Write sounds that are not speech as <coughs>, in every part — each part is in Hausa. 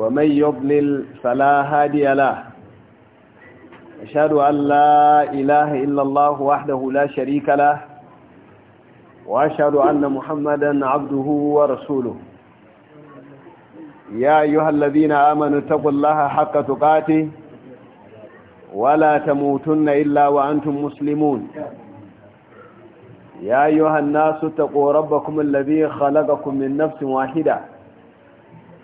ومن يضلل فلا هادي له أشهد أن لا إله إلا الله وحده لا شريك له وأشهد أن محمدا عبده ورسوله يا أيها الذين آمنوا اتقوا الله حق تقاته ولا تموتن إلا وأنتم مسلمون يا أيها الناس اتقوا ربكم الذي خلقكم من نفس واحدة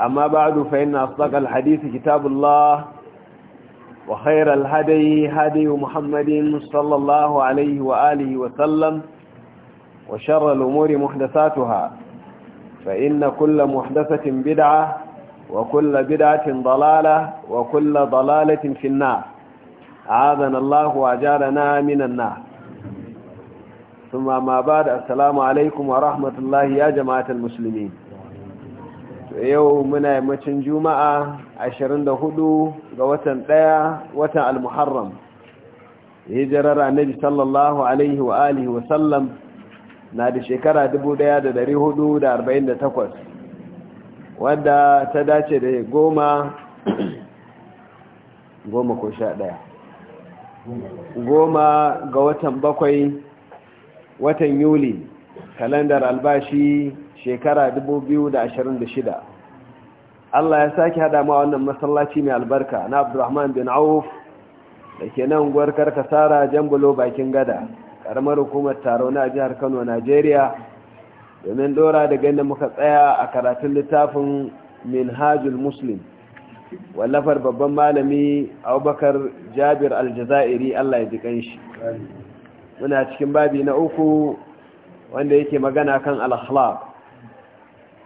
أما بعد فإن أصدق الحديث كتاب الله وخير الهدي هدي محمد صلى الله عليه وآله وسلم وشر الأمور محدثاتها فإن كل محدثة بدعة وكل بدعة ضلالة وكل ضلالة في النار عاذنا الله وأجعلنا من النار ثم ما بعد السلام عليكم ورحمة الله يا جماعة المسلمين yau muna yammacin juma'a 24 ga watan ɗaya watan al-muharram ya jira ranar sallallahu alaihi wa alihi wa sallam na da shekara 1448 wadda ta dace da goma goma ko sha daya goma ga watan bakwai watan yuli kalandar albashi shekara 2026 Allah ya sake hada ma wannan masallaci mai albarka na Abdulrahman bin Auf da ke nan gwarkar kasara jambulo bakin gada karamar hukumar taro na jihar Kano Najeriya domin ɗora da ganin muka tsaya a karatun littafin Minhajul Muslim wallafar babban malami Abubakar Jabir Aljazairi Allah ya ji kanshi muna cikin babi na uku wanda yake magana kan al-akhlaq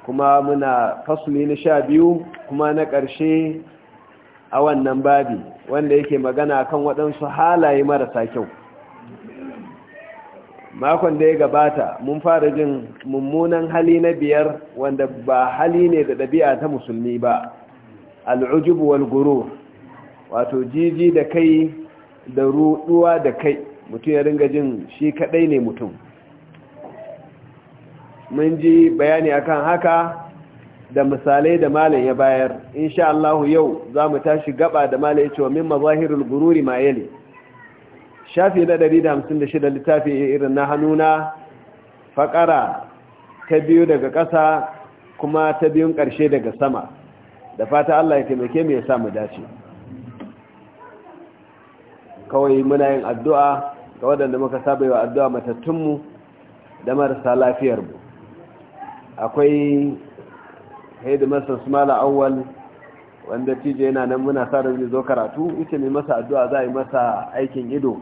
kuma muna fasuli na sha biyu kuma na ƙarshe a wannan babi wanda yake magana kan waɗansu halaye marasa kyau makon da ya gabata mun fara jin mummunan hali na biyar wanda ba hali ne da ɗabi'a ta musulmi ba al'ujubu wal guru wato jiji da kai da ruɗuwa da kai mutum ya ringa jin shi kaɗai ne mutum mun ji bayani akan haka da misalai da malam ya bayar insha Allah yau za mu tashi gaba da malam ya ce min mazahirul gururi ma yali shafi na 156 littafi irin na hannuna faƙara ta biyu daga ƙasa kuma ta biyun ƙarshe daga sama da fata Allah ya taimake mu ya sa mu dace kawai muna yin addu'a ga waɗanda muka saba yi wa addu'a matattunmu da marasa lafiyarmu akwai masa smala awwal wanda tije yana nan muna sa da zo karatu ita mai masa addu'a za a yi masa aikin ido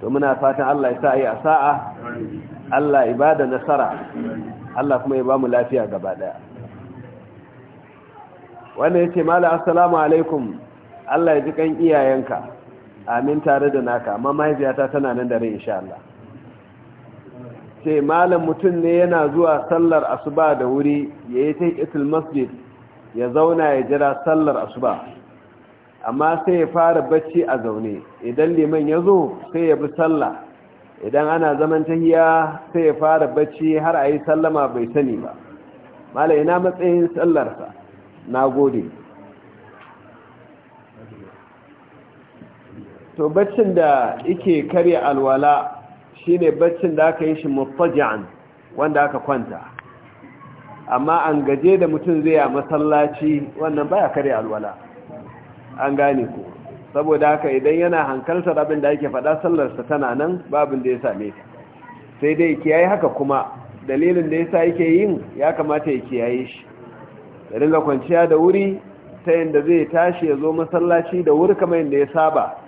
to muna fatan Allah ya sa yi a sa'a Allah ibada nasara Allah kuma ya ba mu lafiya gaba daya wanda ya ce mala assalamu alaikum Allah ya ji kan iyayenka amin tare da naka amma mahaifiyata tana nan da rai insha Allah sai malam mutum ne yana zuwa sallar asuba da wuri ya yi ta isil masjid ya zauna ya jira sallar asuba amma sai ya fara bacci a zaune idan liman ya zo sai ya bi sallah idan ana zaman tahiya sai ya fara bacci har a yi sallama bai sani ba malam ina matsayin sallarsa na gode to baccin da yake karya alwala Shi ne baccin da aka yi shi mutaji'an wanda aka kwanta amma an gaje da mutum zai a masallaci wannan baya kare alwala an gane ku saboda haka idan yana hankaltar abin da ake faɗa sallarsa tana nan babin da ya same ta sai dai kiyaye haka kuma dalilin da yasa yake yin ya kamata ya kiyaye shi da dinga kwanciya da wuri ta yadda zai tashi ya zo masallaci da wuri kamar yadda ya saba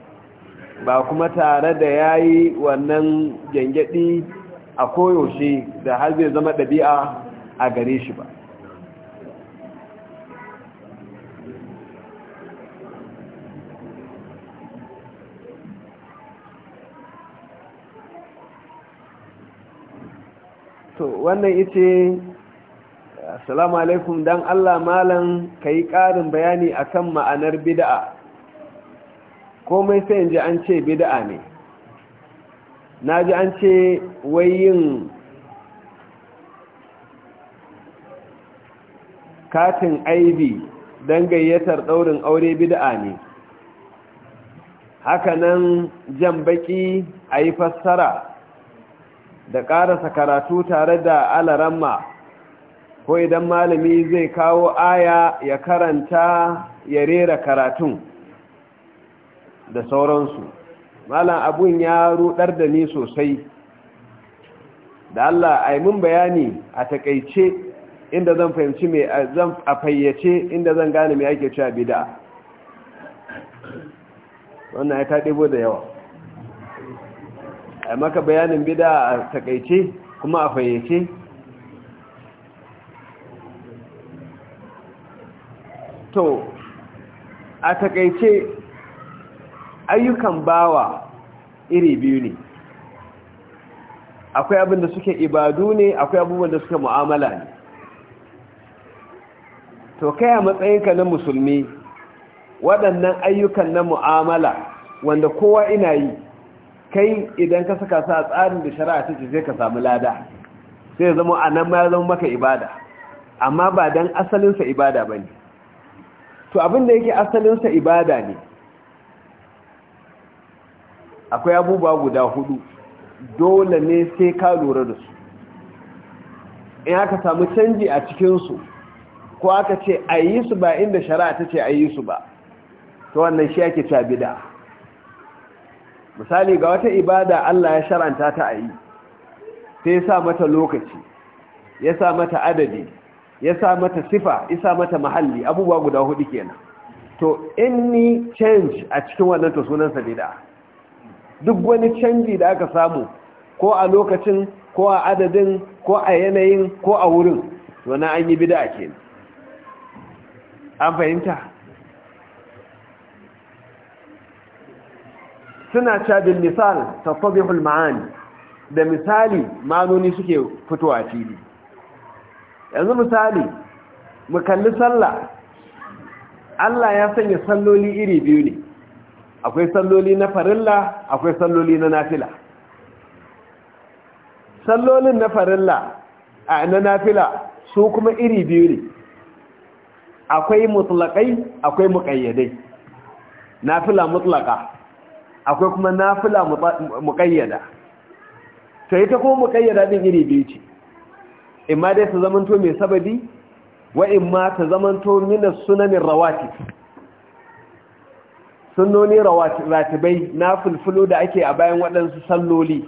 ba kuma tare da ya yi wannan gyangyaɗi a koyaushe da har zai zama ɗabi'a a gare shi ba to wannan ita assalamu alaikum don allah malam ka yi ƙarin bayani akan ma'anar bida'a komai sai in ji an ce bid'a ne na ji an ce wai yin katin aibi don gayyatar ɗaurin aure bid'a ne Haka nan jan baki ayi fassara da ƙarasa karatu tare da alaramma ko idan malami zai kawo aya ya karanta ya rera karatun da sauransu malam abun ya rudar da ni sosai da Allah ai mun bayani a takaice inda zan fahimci me zan a fayyace inda zan gane me ake cewa bid'a wannan ai ta debo da yawa ai maka bayanin bid'a a takaice kuma a fayyace to a takaice ayyukan bawa iri biyu ne akwai abin da suke ibadu ne akwai abubuwan da suke mu'amala ne to kai a matsayinka na musulmi waɗannan ayyukan na mu'amala wanda kowa ina yi kai idan ka saka sa tsarin da shari'a take sai ka samu lada sai zama a nan ma zama maka ibada amma ba don asalinsa ibada ba ne to abin da yake asalinsa ibada ne akwai abubuwa guda hudu dole ne sai ka lura da su in aka samu canji a cikinsu ko aka ce a yi su ba inda shari'a ta ce a yi su ba ta wannan shi ake cabida misali ga wata ibada Allah ya sharanta ta a yi sai sa mata lokaci ya sa mata adadi ya sa mata sifa ya sa mata mahalli abubuwa guda hudu kenan to in ni change a cikin wannan to sunansa sabida duk wani canji da aka samu ko a lokacin ko a adadin ko a yanayin ko a wurin wani an yi bida ke an fahimta suna cajin misal tasabihul ma'ani da misali manoni suke fitowa fili yanzu misali mu kalli sallah Allah ya sanya salloli iri biyu ne akwai salloli na farilla akwai salloli na nafila sallolin na farilla a na nafila su kuma iri biyu ne akwai mutlaƙai akwai muƙayyadai nafila mutlaƙa akwai kuma nafila muƙayyada to ita kuma muƙayyada din iri biyu ce imma dai su zamanto mai sabadi wa imma ta zamanto minas sunanin rawatib sunnoni ratibai na fulfulo da ake a bayan waɗansu salloli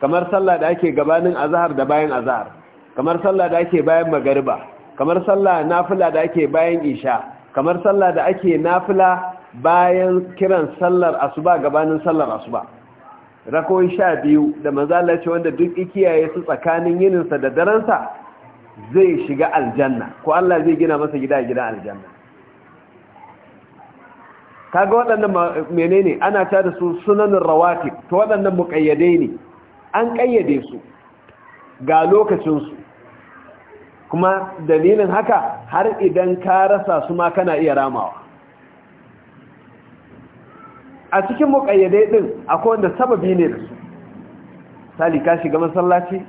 kamar sallah da ake gabanin azahar da bayan azahar kamar sallah da ake bayan magariba kamar sallah nafila da ake bayan isha kamar sallah da ake nafila bayan kiran sallar asuba gabanin sallar asuba rakon sha biyu da mazalace wanda duk ikiyaye su tsakanin yininsa da daransa zai shiga aljanna ko Allah zai gina masa gida gidan aljanna kaga waɗannan menene ana ta da su sunanin rawati to waɗannan muƙayyade ne an ƙayyade su ga lokacinsu kuma dalilin haka har idan ka rasa su ma kana iya ramawa a cikin muƙayyade ɗin akwai wanda sababi ne da su sali ka shiga masallaci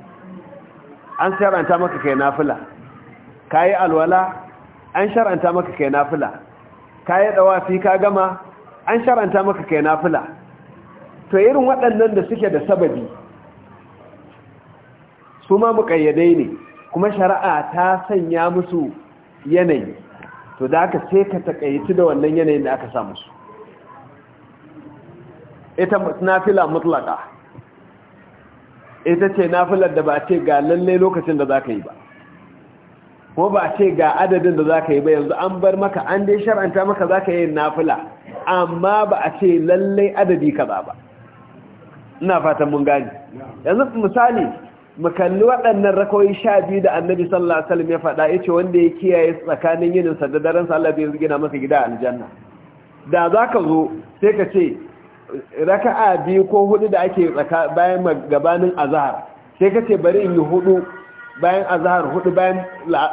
an sharanta maka kai nafila ka yi alwala an sharanta maka kai nafila ka yi dawafi ka gama an sharanta maka kai nafila to irin waɗannan da suke da sababi su ma muƙayyadai ne kuma shari'a ta sanya musu yanayi to da aka sai ka taƙayyaci da wannan yanayin da aka sa musu ita nafila mutlaka ita ce nafilar da ba ce ga lallai lokacin da za ka yi ba ko ba ce ga adadin da za ka yi ba yanzu an bar maka an dai shar'anta maka za ka yi nafila amma ba a ce lallai adadi ka ba ina fatan mun gani yanzu misali mu kalli waɗannan rakoyi sha biyu da annabi sallallahu alaihi wasallam ya faɗa yace wanda ya kiyaye tsakanin yinin sa da daren sa Allah zai gina masa gida aljanna da za ka zo sai ka ce raka'a biyu ko hudu da ake tsaka bayan gabanin azhar sai ka ce bari in yi hudu bayan azahar hudu bayan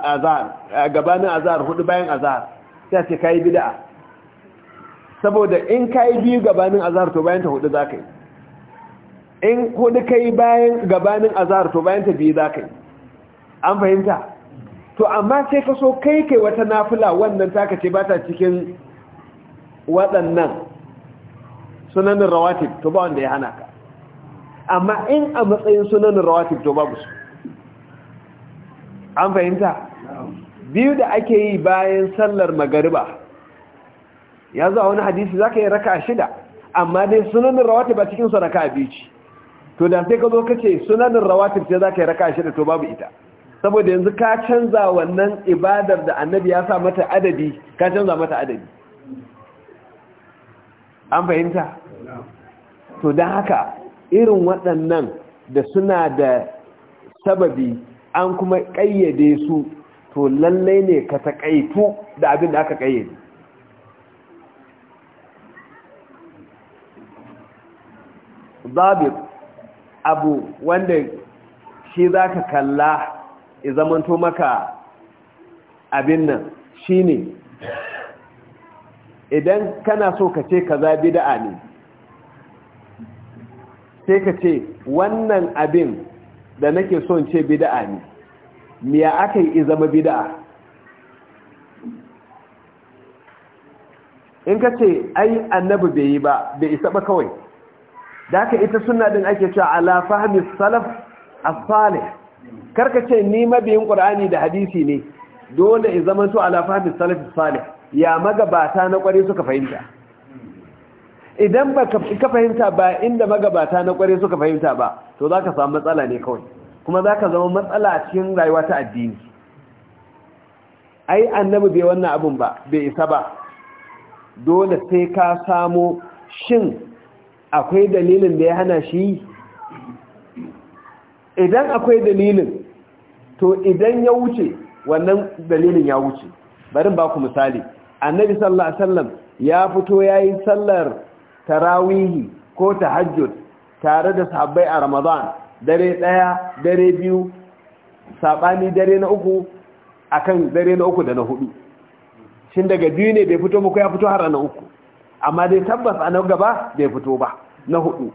azahar eh, gabanin azahar hudu bayan azahar sai ce kai bid'a saboda in kai biyu gabanin azahar to bayan ta hudu ka yi in hudu kai bayan gabanin azahar to bayan ta biyu zakai yi an fahimta to amma sai ka so kai kai wata nafila wannan taka ce ba ta cikin waɗannan sunanin rawatib to ba wanda ya hana ka amma in a matsayin sunanin rawatib to babu su an fahimta biyu da ake yi bayan sallar magariba ya zuwa wani hadisi za ka yi raka shida amma dai sunanin rawatar ba cikinsu raka biyu ce to da sai ka zo ka ce sunanin rawatar sai za ka yi raka shida to babu ita saboda yanzu ka canza wannan ibadar da annabi ya sa mata adadi ka canza mata adadi an fahimta to don haka irin waɗannan da suna da sababi an kuma ƙayyade su to lallai ne ka taƙaitu da abin da aka ƙayyade zabir abu wanda shi za ka kalla ya zamanto maka abin nan shi ne idan kana so ka ce ka zabi da'a ne sai ka ce wannan abin da nake son ce bida'a ne miya aka yi zama bida'a in ka ce ai annabi bai yi ba bai isa ba kawai da aka ita suna din ake cewa ala fahmi salaf as-salih karka ce ni mabiyin qur'ani da hadisi ne dole i zamanto ala fahmi salaf as-salih ya magabata na kware suka fahimta idan ba ka fahimta ba inda magabata na kware suka fahimta ba to za ka samu matsala ne kawai kuma za ka zama matsala a cikin rayuwa ta addini ai annabi bai wannan abin ba bai isa ba dole sai ka samo shin akwai dalilin da ya hana shi idan akwai dalilin to idan ya wuce wannan dalilin ya wuce barin ba ku misali annabi sallallahu alaihi wasallam ya fito yayin sallar tarawihi ko tahajjud tare da sahabbai a ramadan dare daya dare biyu sabani dare na uku akan dare na uku da na hudu shin daga biyu ne bai fito muku ya fito har na uku amma dai tabbas a nan gaba bai fito ba na hudu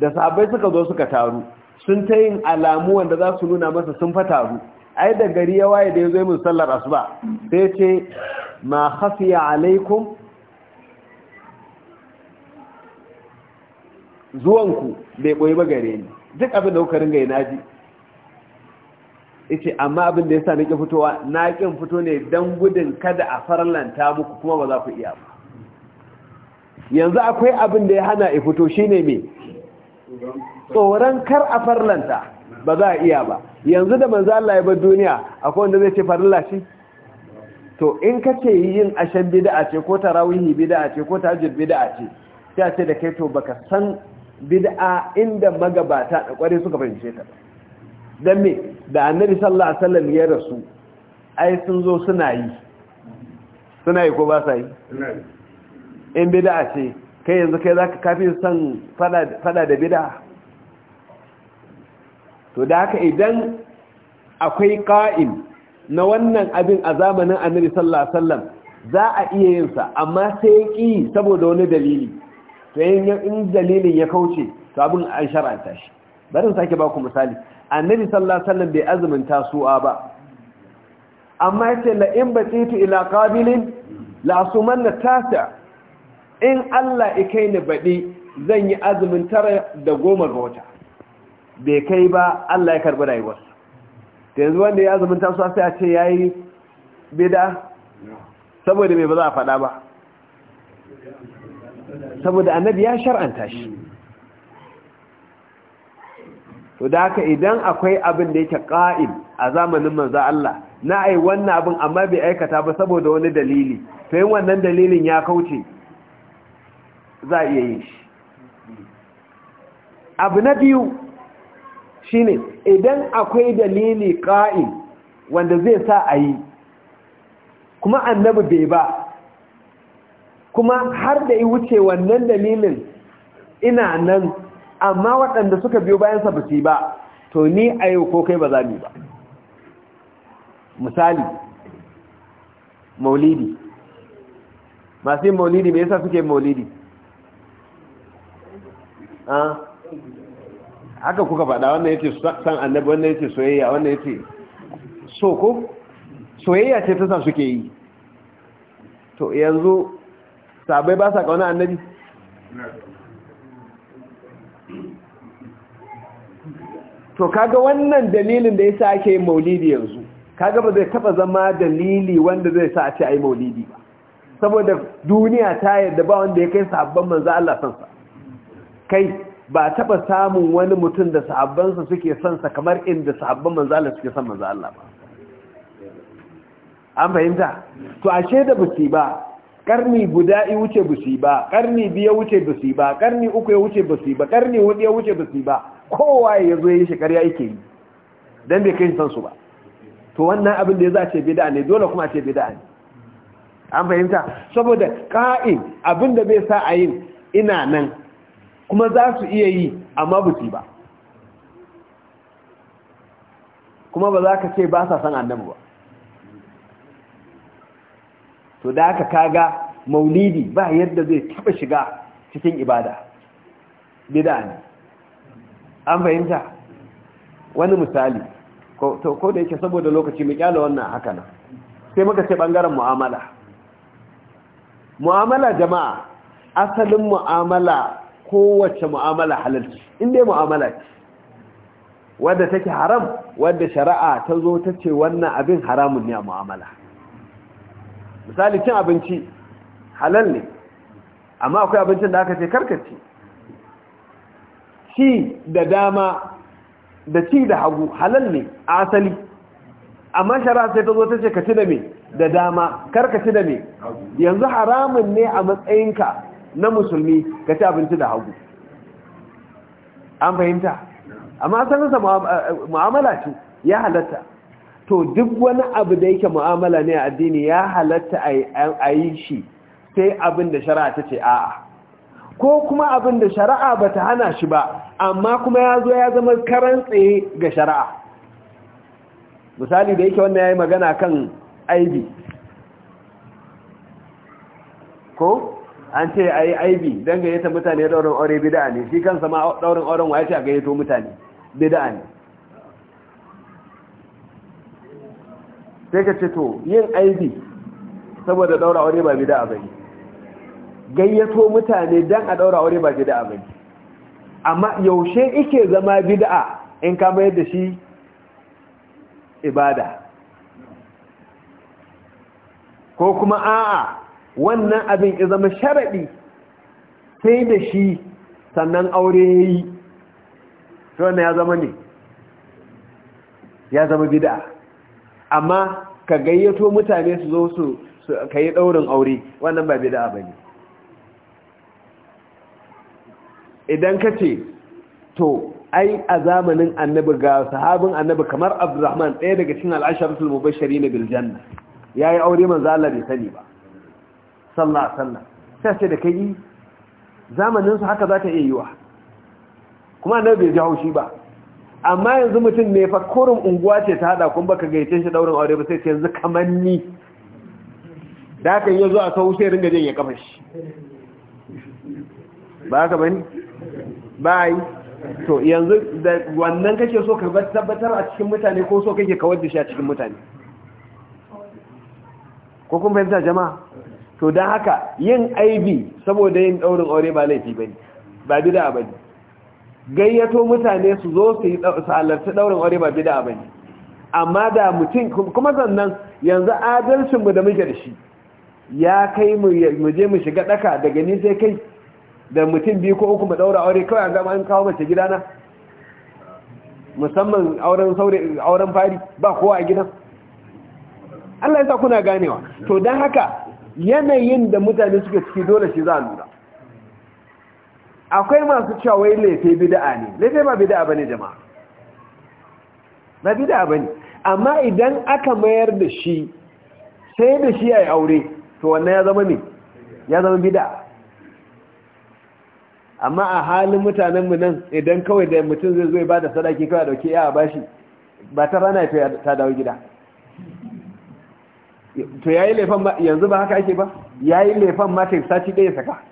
da sahabbai suka zo suka taru sun ta yin alamu wanda za su nuna masa sun fa taru ai da gari ya waye da ya zo min sallar asuba sai ce ma khafiya alaikum zuwanku bai koyi ba gare ni duk abin da kuka ringa yi naji yace amma abin da yasa nake fitowa na kin fito ne dan gudun kada a farlanta muku kuma ba za ku iya ba yanzu akwai abin da ya hana i fito shine me tsoron kar a farlanta ba za a iya ba yanzu da manzo Allah ya bar duniya akwai wanda zai ce farilla shi to in kace yin ashan bid'a ce ko tarawihi bid'a ce ko tahajjud bid'a ce sai ce da kai to baka san bid'a inda magabata da kware suka fahimce ta dan me da annabi sallallahu alaihi wasallam ya rasu ai sun zo suna yi suna yi ko ba sa yi in bid'a ce kai yanzu kai zaka kafi san fada da bid'a to da haka idan akwai qa'im na wannan abin a zamanin annabi sallallahu alaihi wasallam za a iya yin sa amma sai ki saboda wani dalili to in dalilin ya kauce to abin an shar'anta shi barin sake baku misali annabi sallallahu alaihi wasallam bai azumin su'a ba amma yace la in batitu ila qabilin la sumanna tasa in Allah kai ni badi zan yi azumin tara da goma ga wata bai kai ba Allah ya karbi rayuwarsa da yanzu wanda ya azumin tasu'a sai a ce yayi bid'a saboda me ba za a faɗa ba saboda annabi ya shar'anta shi to da haka idan akwai abin da yake ƙa'im a zamanin manzo Allah na ai wannan abin amma bai aikata ba saboda wani dalili to yin wannan dalilin ya kauce za a iya yin shi abu na biyu shine idan akwai dalili ƙa'im wanda zai sa a yi kuma annabi bai ba kuma har da yi wuce wannan dalilin ina nan amma waɗanda suka biyo bayansa ba su ba to ni a yau ko kai ba za mu ba misali maulidi masu yin maulidi mai yasa suke maulidi ah? haka kuka faɗa wannan yake san annabi wannan yake soyayya wannan yake so ko soyayya ce ta sa suke yi to yanzu sabai ba sa kauna annabi to kaga wannan dalilin da ya sa ake yin maulidi yanzu kaga ba zai taba zama dalili wanda zai sa a ce ai maulidi ba saboda duniya ta yadda ba wanda ya kai sahabban manzo Allah sansa kai ba taba samun wani mutum da sahabbansa suke son sa kamar inda sahabban manzo Allah suke son manzo Allah ba an fahimta to ashe da buci ba karni guda ya wuce busi ba karni biya wuce busi ba karni uku ya wuce busi ba karni hudu ya wuce busi ba kowa ya zo yi shekar ya yake yi don bai kai san su ba to wannan abin da ya za a ce bid'a ne dole kuma a ce bid'a ne an fahimta saboda ka'in abin da bai sa a yi ina nan kuma za su iya yi amma busi ba kuma ba za ka ce ba sa san annabi ba to da aka kaga maulidi ba yadda zai taba shiga cikin ibada bid'a ne an fahimta wani misali ko da yake saboda lokaci mu kyala wannan haka nan sai muka ce bangaren mu'amala mu'amala jama'a asalin mu'amala kowace mu'amala halalci inda mu'amala ce wadda take haram wadda shari'a ta zo ta ce wannan abin haramun ne a mu'amala misali cin abinci halal ne amma akwai abincin da aka ce karkace ci da dama da ci da hagu halal ne a asali amma shara sai ta zo ta ce ka ci da me da dama karkace da me yanzu haramun ne a matsayinka na musulmi ka ci abinci da hagu an fahimta amma san sa eh, mu'amala ce ya halatta to duk wani abu da yake mu'amala ne a addini ya halatta a yi shi sai abin da shari'a ta ce a'a ko kuma abin da shari'a ba ta hana shi ba amma kuma ya zo ya zama karan tsaye ga shari'a misali da yake wannan ya yi magana kan aibi ko an ce a yi aibi don gayyata mutane daurin aure bida ne shi kansa ma daurin auren wa ya ce a gayyato mutane bida ne sai ka ce to yin aibi saboda daura aure ba bida bane gayyato mutane dan a daura aure ba bida bane amma yaushe ike zama bid'a in ka bayar da shi ibada ko kuma a'a wannan abin ya zama sharaɗi sai da shi sannan aure ya yi ya zama ne ya zama bida amma ka gayyato mutane su zo su ka yi ɗaurin aure wannan ba bida ba ne idan ka ce to ai a zamanin annabi ga sahabin annabi kamar abdurrahman ɗaya daga cikin al'asharatul mubashari na biljanna ya yi aure man Allah bai sani ba sallah sallah sai ce da kai zamanin su haka za ta iya wa kuma annabi bai ji haushi ba amma yanzu mutum ne fa kurin unguwa ce ta hada kun baka gaice shi daurin aure ba sai ce yanzu ni da kan yazo a sau sai ringa jin ya kafa shi ba ka bani bai to yanzu da wannan kake so ka tabbatar a cikin mutane ko so kake kawar da shi a cikin mutane ko kun fahimta jama'a to dan haka yin aibi saboda yin daurin aure ba laifi bane ba bid'a bane gayyato mutane su zo su halarci ɗaurin aure ba bida ba ne amma da mutum kuma sannan yanzu adalcinmu da muke da shi ya kai mu je mu shiga ɗaka daga ni sai kai da mutum biyu ko uku mu ɗaura aure kawai an gama an kawo mace gidana musamman auren fari ba kowa a gidan Allah ya sa kuna ganewa to dan haka yanayin da mutane suke ciki dole shi za a lura akwai masu cewa wai lefe bid'a ne lefe ba bid'a bane jama'a ba bid'a bane amma idan aka mayar da shi sai da shi yi aure to wannan ya zama ne ya zama bid'a amma a halin mutanen mu nan idan kawai da mutum zai zo bada sadaki kawai dauke ya bashi ba ta rana ta dawo gida to yayi lefan yanzu ba haka ake ba yayi lefan ma ta da ɗaya saka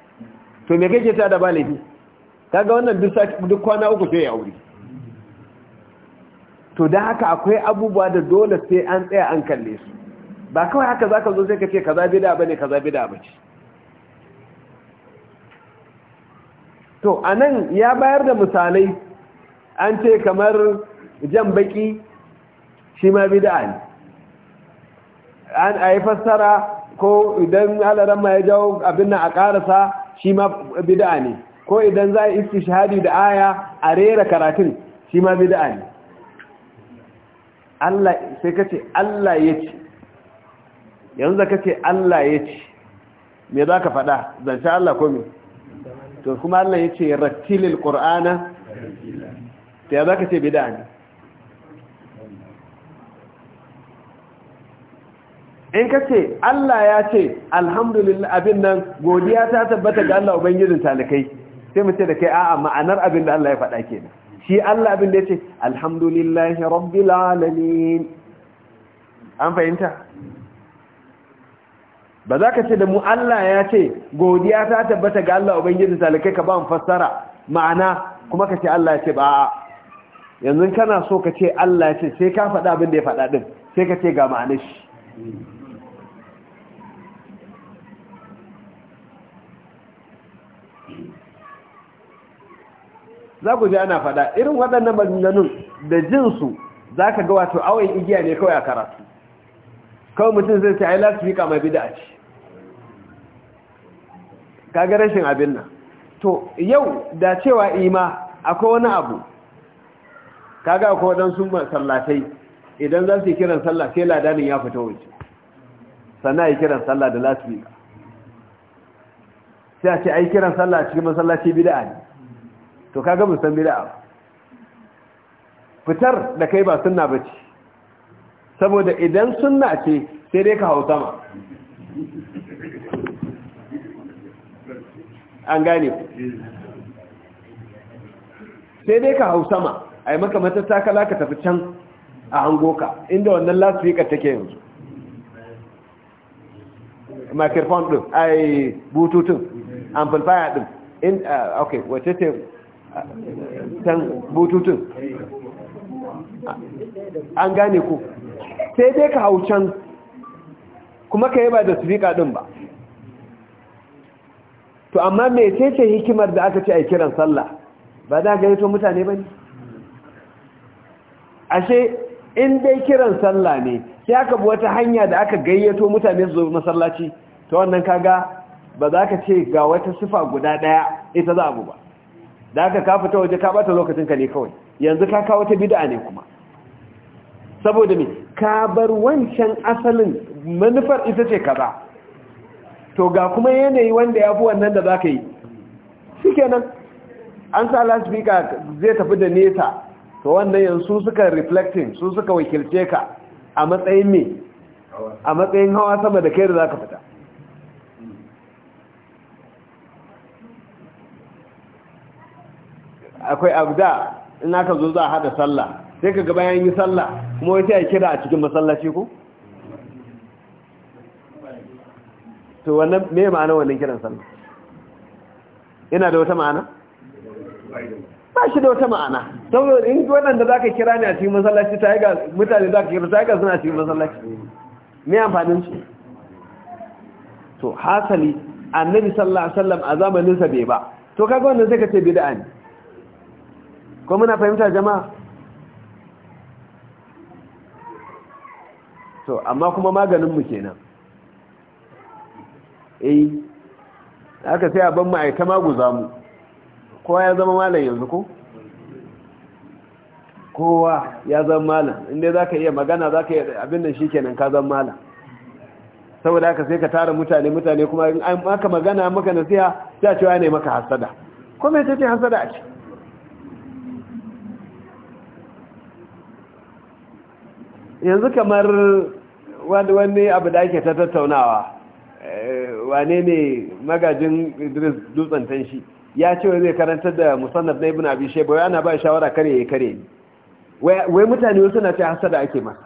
to me kake ta da balibi kaga wannan duk kwana uku sai ya aure to da haka akwai abubuwa da dole sai an tsaya an kalle su ba kawai haka zaka zo sai ka ce kaza bid'a bane kaza bid'a bace to anan ya bayar da misalai an ce kamar jan baki shi ma bid'a ne an ayi fassara ko idan alaran ma ya jawo abin nan a karasa shi ma bid'a ne ko idan za a istishhadi da aya a rera karatun shi ma bid'a ne Allah sai kace Allah yace yanzu kace Allah yace me za ka fada sha Allah ko me to kuma Allah yace rattilil qur'ana ta yaba kace bid'a ne in ka ce Allah ya ce alhamdulillah abin nan godiya ta tabbata ga Allah ubangijin talikai sai mu ce da kai a'a ma'anar abin da Allah ya faɗa kenan shi Allah abin da ya ce alhamdulillahi rabbil alamin an fahimta ba za ka ce da mu Allah ya ce godiya ta tabbata ga Allah ubangijin talikai ka ba mu fassara ma'ana kuma ka ce Allah ya ce ba yanzu kana so ka ce Allah ya ce sai ka faɗa abin da ya faɗa din sai ka ce ga ma'anar shi za ku ji ana faɗa irin waɗannan maganganun da jinsu za ka ga wato awon igiya ne kawai a karatu kawai mutum zai ce ai lasifika mai bida ce kaga rashin abin nan to yau da cewa ima akwai wani abu kaga akwai waɗansu masallatai idan za su yi kiran sallah sai ladanin ya fita wuce sannan yi kiran sallah da lasifika sai a ce ai kiran sallah cikin masallaci bida ne to ka mun san bid'a fitar da kai ba sunna ce saboda idan sunna ce sai dai ka hau sama an gane sai dai ka hau sama a yi maka kala ka tafi can a hango ka inda wannan lasfika take yanzu microphone din ai bututun amplifier din in ah, ok wace ce san bututun an gane ku sai dai ka hau kuma ka yi ba da sufika ɗin ba to amma mai ce hikimar da aka ce a kiran sallah ba za ga to mutane ba ne ashe in dai kiran sallah ne sai aka bi wata hanya da aka gayyato mutane su zo masallaci ta wannan kaga ba za ka ce ga wata sifa guda ɗaya ita za a bu ba da haka ka fita waje ka bata lokacin ka ne kawai yanzu ka kawo ta bid'a ne kuma saboda me ka bar wancan asalin manufar ita ce kaza to ga kuma yanayi wanda ya fi wannan da za ka yi shikenan an sa lasfika zai tafi da nesa to wannan yanzu suka reflecting su suka wakilce ka a matsayin me a matsayin hawa sama da kai da za ka fita akwai abda in aka zo za a hada sallah sai ka gaba yayin yi sallah kuma wata ya kira a cikin masallaci ko to wannan me ma'ana wannan kiran sallah yana da wata ma'ana ba shi da wata ma'ana saboda in da za ka kira ne a cikin masallaci ta yi ga mutane za ka kira ta yi ga suna cikin masallaci me amfanin su to hasali annabi sallah alaihi wasallam a zamaninsa bai ba to kaga wannan sai ka ce bid'a ne ko muna fahimta jama'a to amma kuma maganinmu kenan eh haka sai a ban ma'aita maguza mu kowa ya zama malam yanzu ko kowa ya zama malam inda za ka iya magana za ka iya abin nan shi kenan ka zama malam saboda haka sai ka tara mutane mutane kuma in aka magana maka nasiha ta cewa ne maka hasada kuma ita ce hasada a ce yanzu kamar wani abu da ake ta tattaunawa eh, wane ne magajin idris dutsen tanshi ya ce zai karanta da musamman na ibu na bishe bai ana ba shawara kare ya kare ni wai mutane wasu na ce da ake ma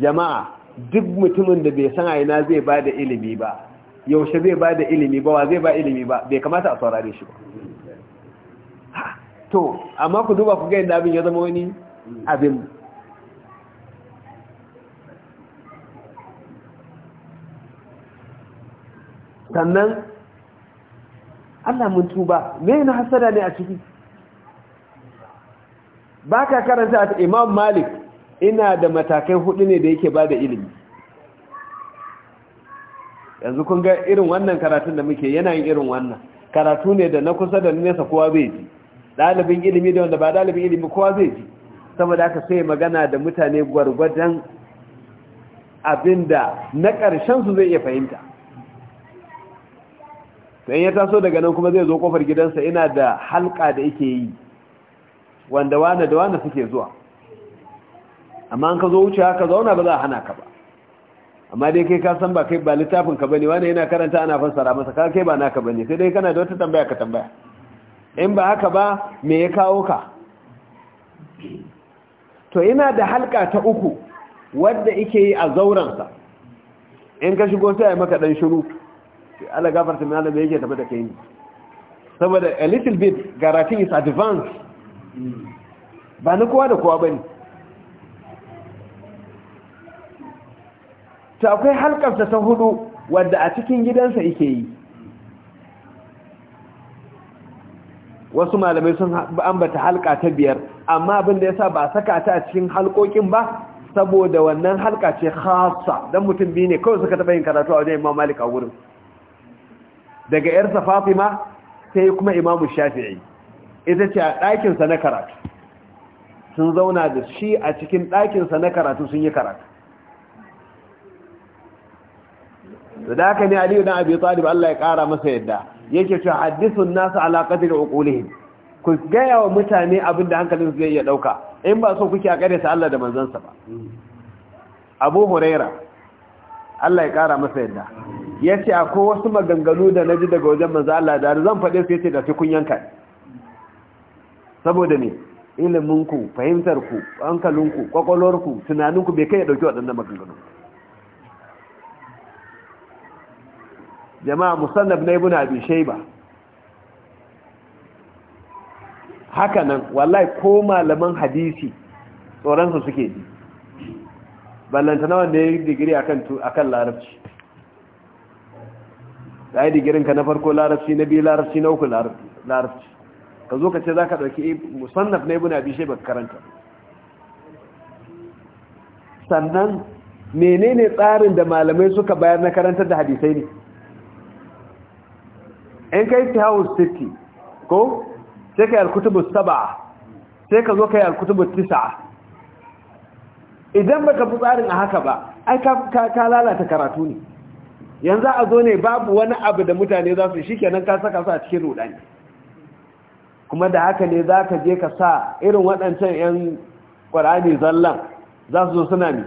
jama'a duk mutumin da bai san aina zai ba da ilimi ba yaushe zai ba da ilimi ba wa zai ba ilimi ba bai kamata a saurare shi ba to amma ku duba ku ga yadda abin ya zama wani abin sannan Allah mun tuba me na hasada ne a ciki Ba ka karanta a Imam Malik ina da matakai hudu ne da yake bada ilimi yanzu kun ga irin wannan karatun da muke yana yin irin wannan karatu ne da na kusa da nesa kowa zai ji ɗalibin ilimi da wanda ba ɗalibin ilimi kowa zai ji saboda aka sai magana da mutane gwargwadon abinda na ƙarshen su zai iya fahimta to in ya taso daga nan kuma zai zo kofar gidansa ina da halka da yake yi wanda wane da wane suke zuwa amma an ka zo wuce haka zauna ba za a hana ka ba amma dai kai ka san ba kai ba littafin ka bane wane yana karanta ana fassara masa ka kai ba na ka bane sai dai kana da wata tambaya ka tambaya in ba haka ba me ya kawo ka to ina da halka ta uku wadda ike yi a zauransa in ka shigo sai ya maka dan shiru Allah gafarta mai alamai yake tafi da kai saboda a little bit garatin is advanced ba na kowa da kowa ba ne ta akwai halkarsa ta hudu wadda a cikin gidansa yake yi wasu malamai sun ambata halka ta biyar amma abin da ya sa ba saka ta a cikin halkokin ba saboda wannan halka ce khasa don mutum biyu ne kawai suka taɓa yin karatu a wajen imam malik a wurin daga yarsa fatima sai kuma imamu shafi'i ita ce a ɗakinsa na karatu sun zauna da shi a cikin ɗakinsa na karatu sun yi karatu da daga ne aliyu dan abi talib Allah ya kara masa yadda yake ce haddisun nasu ala qadri ku gaya wa mutane abin da hankalin su zai iya ɗauka. in ba so kuke a ƙare ta Allah da manzansa ba Abu Huraira Allah ya kara masa yadda ya ce akwai wasu maganganu da na ji daga wajen manzan Allah da zan faɗe su ya ce da fi kun saboda ne iliminku fahimtarku hankalinku kwakwalwarku tunaninku bai kai ya ɗauki waɗannan maganganu jama'a musannab na na abin shayba haka nan wallahi ko malaman hadisi tsoron su suke ji ballanta na wanda ya yi digiri a kan larabci ka yi ka na farko larabci na biyu larabci na uku larabci ka zo ka ce za ka ɗauki musannaf na ibn abi ba karanta sannan menene tsarin da malamai suka bayar na karantar da hadisai ne in ka yi tihawus titi ko sai ka yi alkutubu saba sai ka zo ka yi alkutubu tisa idan baka fi tsarin a haka ba ai ka lalata karatu ne yanzu a zo ne babu wani abu da mutane za su shi kenan ka saka su a cikin rudani kuma da haka ne za ka je ka sa irin waɗancan 'yan ƙwarari zallan za su zo suna ne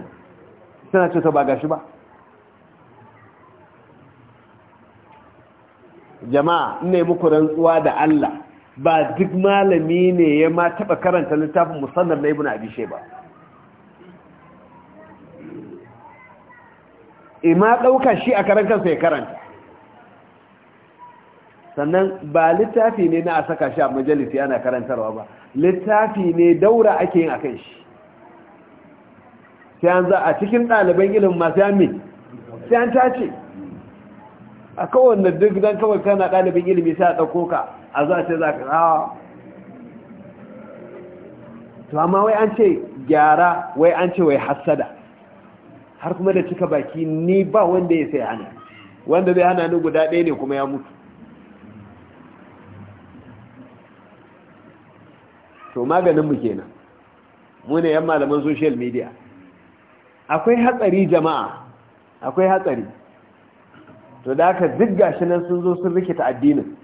suna ce ta baga shi ba jama'a ne muku rantsuwa da Allah ba duk malami ne ya ma taɓa karanta littafin musamman na ibn abishe ba ima ɗauka shi a karan kansa ya karanta sannan ba littafi ne na a saka shi a majalisi ana karantarwa ba littafi ne daura ake yin a kan shi sai an za a cikin ɗaliban ilimin masu yami sai an tace a kowanne duk don kawai kana ɗalibin ilimi sai a ɗauko ka a za ce za ka hawa ah. to amma wai an ce gyara wai an ce wai hassada har kuma da cika baki ni ba wanda ya sai hana wanda zai hana ni guda ɗaya ne kuma ya mutu to mu kenan mu ne yan malaman social media akwai hatsari jama'a akwai hatsari to da aka zigga shi nan sun zo sun rikita addinin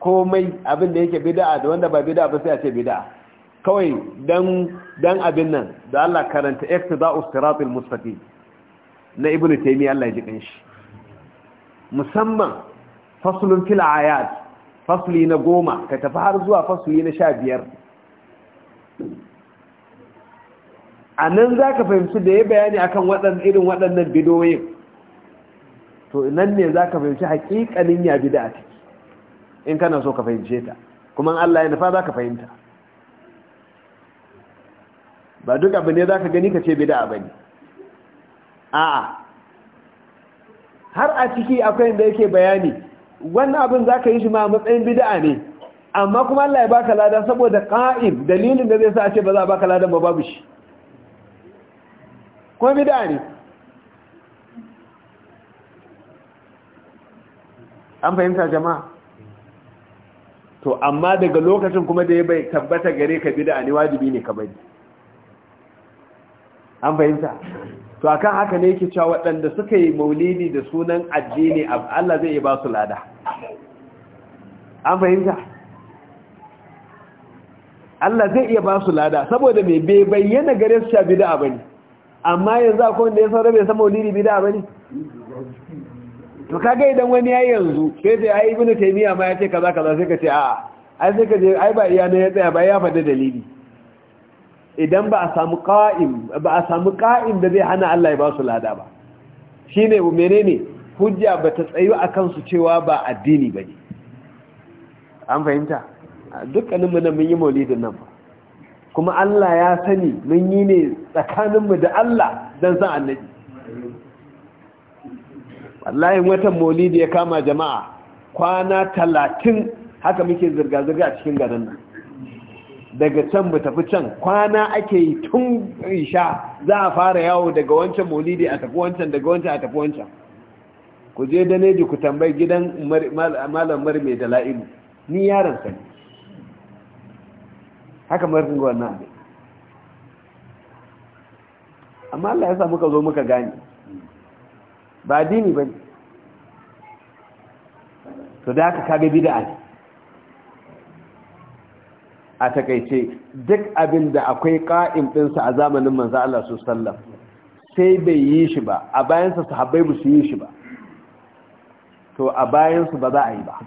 komai abin da yake bida'a da wanda ba bida ba sai a ce bida'a kawai don dan abin nan da Allah karanta iqtida'us siratal mustaqim na ibnu taymiya Allah ya ji kanshi musamman faslun fil ayat fasli na goma ka tafi har zuwa fasli na sha biyar a nan za ka fahimci da ya bayani akan waɗannan irin waɗannan bidoyin to nan ne za ka fahimci haƙiƙanin ya bida a ciki in kana so ka fahimce ta kuma Allah ya nufa za ka fahimta ba duk abin ne za ka gani ka ce bida ba ne a'a har a ciki akwai da yake bayani wannan abin za ka yi shi ma matsayin bida ne amma kuma Allah ya baka lada saboda ƙa'im dalilin da zai sa a ce ba za a baka ladan ba babu shi kuma bida ne an fahimta jama'a to amma daga lokacin kuma da ya bai tabbata gare ka bida ne wajibi ne ka bari an fahimta to akan haka ne yake cewa waɗanda suka yi maulidi da sunan addini Allah zai ba su lada an fahimta Allah zai iya ba su lada saboda mai bai bayyana gare su sha bid'a bane amma yanzu akwai wanda ya saura bai san maulidi bid'a bane to kaga idan wani ya yanzu sai da ai ibnu taymiya ma ya ce kaza kaza sai ka ce a'a ai sai ka je ai ba iya ne ya tsaya ba ya faɗi dalili idan ba a samu ƙa’in ba a samu da zai hana Allah ya ba su lada ba Shi shine menene hujja ba ta a a su cewa ba addini ba ne. an fahimta dukkanin mu nan mun yi maulidin nan ba kuma Allah ya sani mun yi ne tsakanin mu da Allah zan san annabi yin watan maulidi ya kama jama'a kwana talatin haka muke zirga-zirga a cikin garin nan daga can mu tafi can kwana ake yi tun isha za a fara yawo daga wancan maulidi a tafi wancan daga wancan a tafi wancan ku je da neji ku tambayi gidan malam mari mai la'ilu ni yaron sani haka marfin ga wannan abin amma Allah ya sa muka zo muka gane ba dini ba ne to da haka kaga bida ne a takaice duk abin da akwai ƙa'im ɗinsa a zamanin manzo Allah su sallam sai bai yi shi ba a bayansa su ba su yi shi ba to a bayansu ba za a yi ba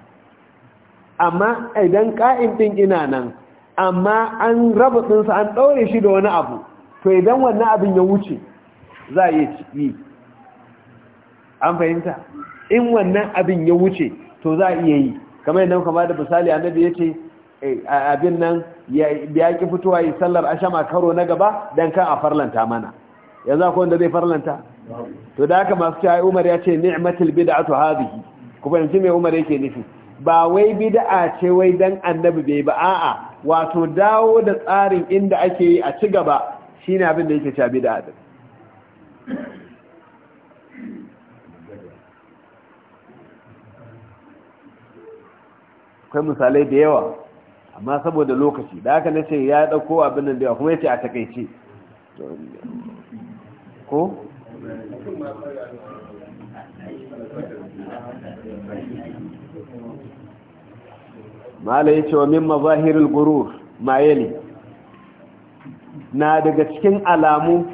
amma idan ƙa'im ɗin ina nan amma an raba ɗinsa an ɗaure shi da wani abu to idan wannan abin ya wuce za a yi an fahimta in wannan abin ya wuce to za a iya yi kamar yadda kama da misali annabi ya ce Eh, abin nan ya ki fitowa yi sallar ashama karo na gaba don kan a farlanta mana ya za ku wanda zai farlanta to da aka masu cewa umar ya ce ni'matul bid'atu hadhihi ku fahimci me umar yake nufi ba wai bid'a ce wai dan annabi bai ba a'a wato dawo da tsarin inda ake yi a ci gaba shine abin da yake cewa bid'a din akwai misalai da yawa amma saboda lokaci da haka na ya ɗauko abin nan da kuma ya a takaice ko? mala ce wa min mazahirul gurur maye ne na daga cikin alamu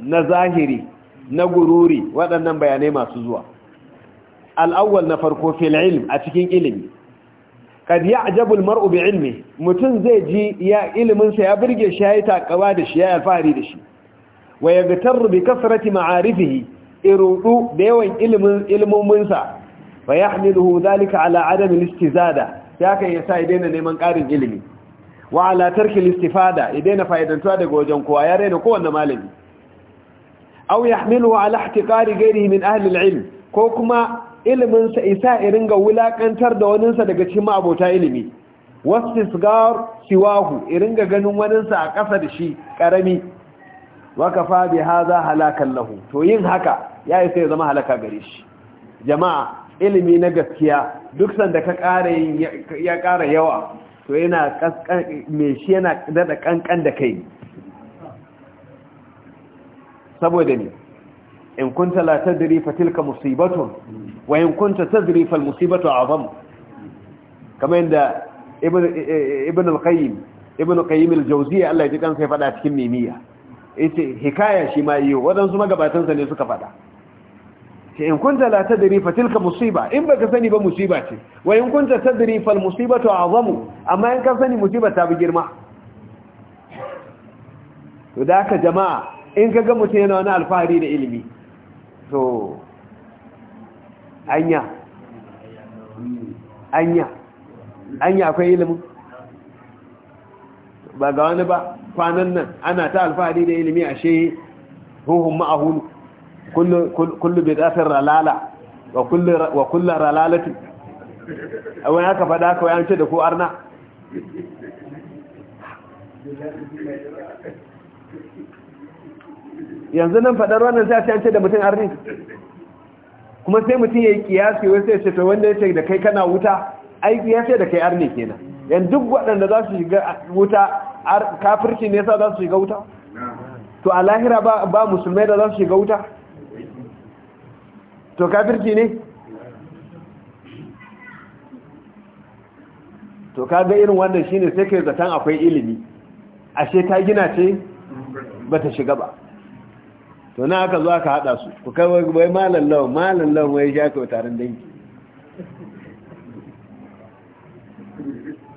na zahiri na gururi waɗannan bayanai masu zuwa al'awwal na farko fil ilm a cikin ilimi kad ya'jabu al-mar'u bi ilmi mutun zai ji ya ilimin sa ya burge shi takawa da shi ya alfahari da shi wa yaghtarru bi kasrati ma'arifihi irudu da yawan ilimin ilmumin sa fa yahmiluhu dhalika ala adam istizada ya daina neman karin ilimi wa ala tarki istifada ya daina fa'idantuwa daga wajen kowa ya raina kowanne malami aw yahmiluhu ala ihtiqari ghayrihi min ahli al-ilm ko kuma iliminsa isa irin ga wulakantar da waninsa daga cikin ma'abota ilimi wastisgar siwahu irin ga ganin waninsa a ƙasa da shi ƙarami waka fa bi haza halakan lahu to yin haka ya isa ya zama halaka gare shi jama'a ilimi na gaskiya duk sanda ka ƙara ya ƙara yawa to yana me shi yana daɗa ƙanƙan da kai saboda ne in kunta la tadri fa tilka musibatu, wa in kunta tadri fa almusibatu a'zam kamar yadda ibn ibn al-qayyim ibn qayyim al-jawziyya Allah ya kan sai fada cikin mimiya yace hikaya shi ma yi wadansu magabatan sa ne suka fada ce in kunta la tadri fa tilka musiba in baka sani ba musiba ce wa in kunta tadri fa almusibatu a'zam amma in ka sani musiba ta bi girma to da haka jama'a in kaga mutum yana wani alfahari da ilimi so anya anya anya akwai ilimin ba ga wani ba kwanan nan ana ta alfahari da ilimi a ashe huhun ma'ahun kullum bai tsasar ralala wa kullu A wani aka fada kawai an ce da ko arna yanzu nan faɗar wannan sai a ce an ce da mutum arni kuma sai mutum ya yi kiyasi wai sai ce to wanda ya ce da kai kana wuta ai kiyasi da kai arni kenan yan duk waɗanda za su shiga wuta kafirci ne yasa za su shiga wuta to a lahira ba musulmai da za su shiga wuta to kafirci ne to kaga irin wannan shine sai kai zaton akwai ilimi ashe ta gina ce bata shiga ba to na aka zo aka haɗa su ku kai wai malam lawan malam lawan wai ya kai taron dangi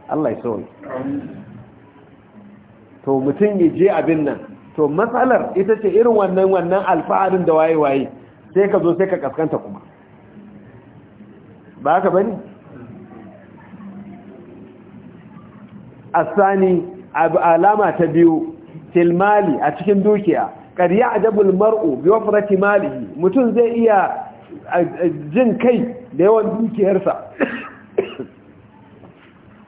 Allah ya sauwa to mutum ya je abin nan to matsalar ita ce irin wannan wannan alfa'arin da waye-waye sai ka zo sai ka kaskanta kuma ba ka bani asani alama ta biyu tilmali a cikin dukiya a ya'jabul mar'u biyo wafrati malihi mutum zai iya jin kai da yawan dukiyarsa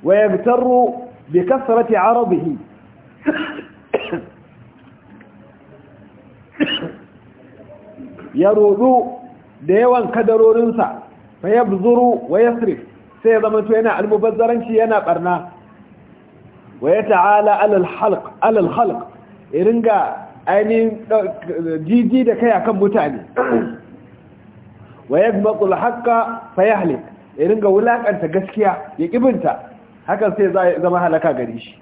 wa yabtaru bi kasrati 'arabihi ya rodu da yawan kadarorinsa fa yabzuru wa yasrif sai ya zama yana almubazzaranci yana barna wa ya ta'ala alal halk irin ga. ainihin jiji da kai akan mutane wa matsul haka fayahlik ya ringa wulakanta gaskiya ya ƙibinta hakan sai zama halaka gari shi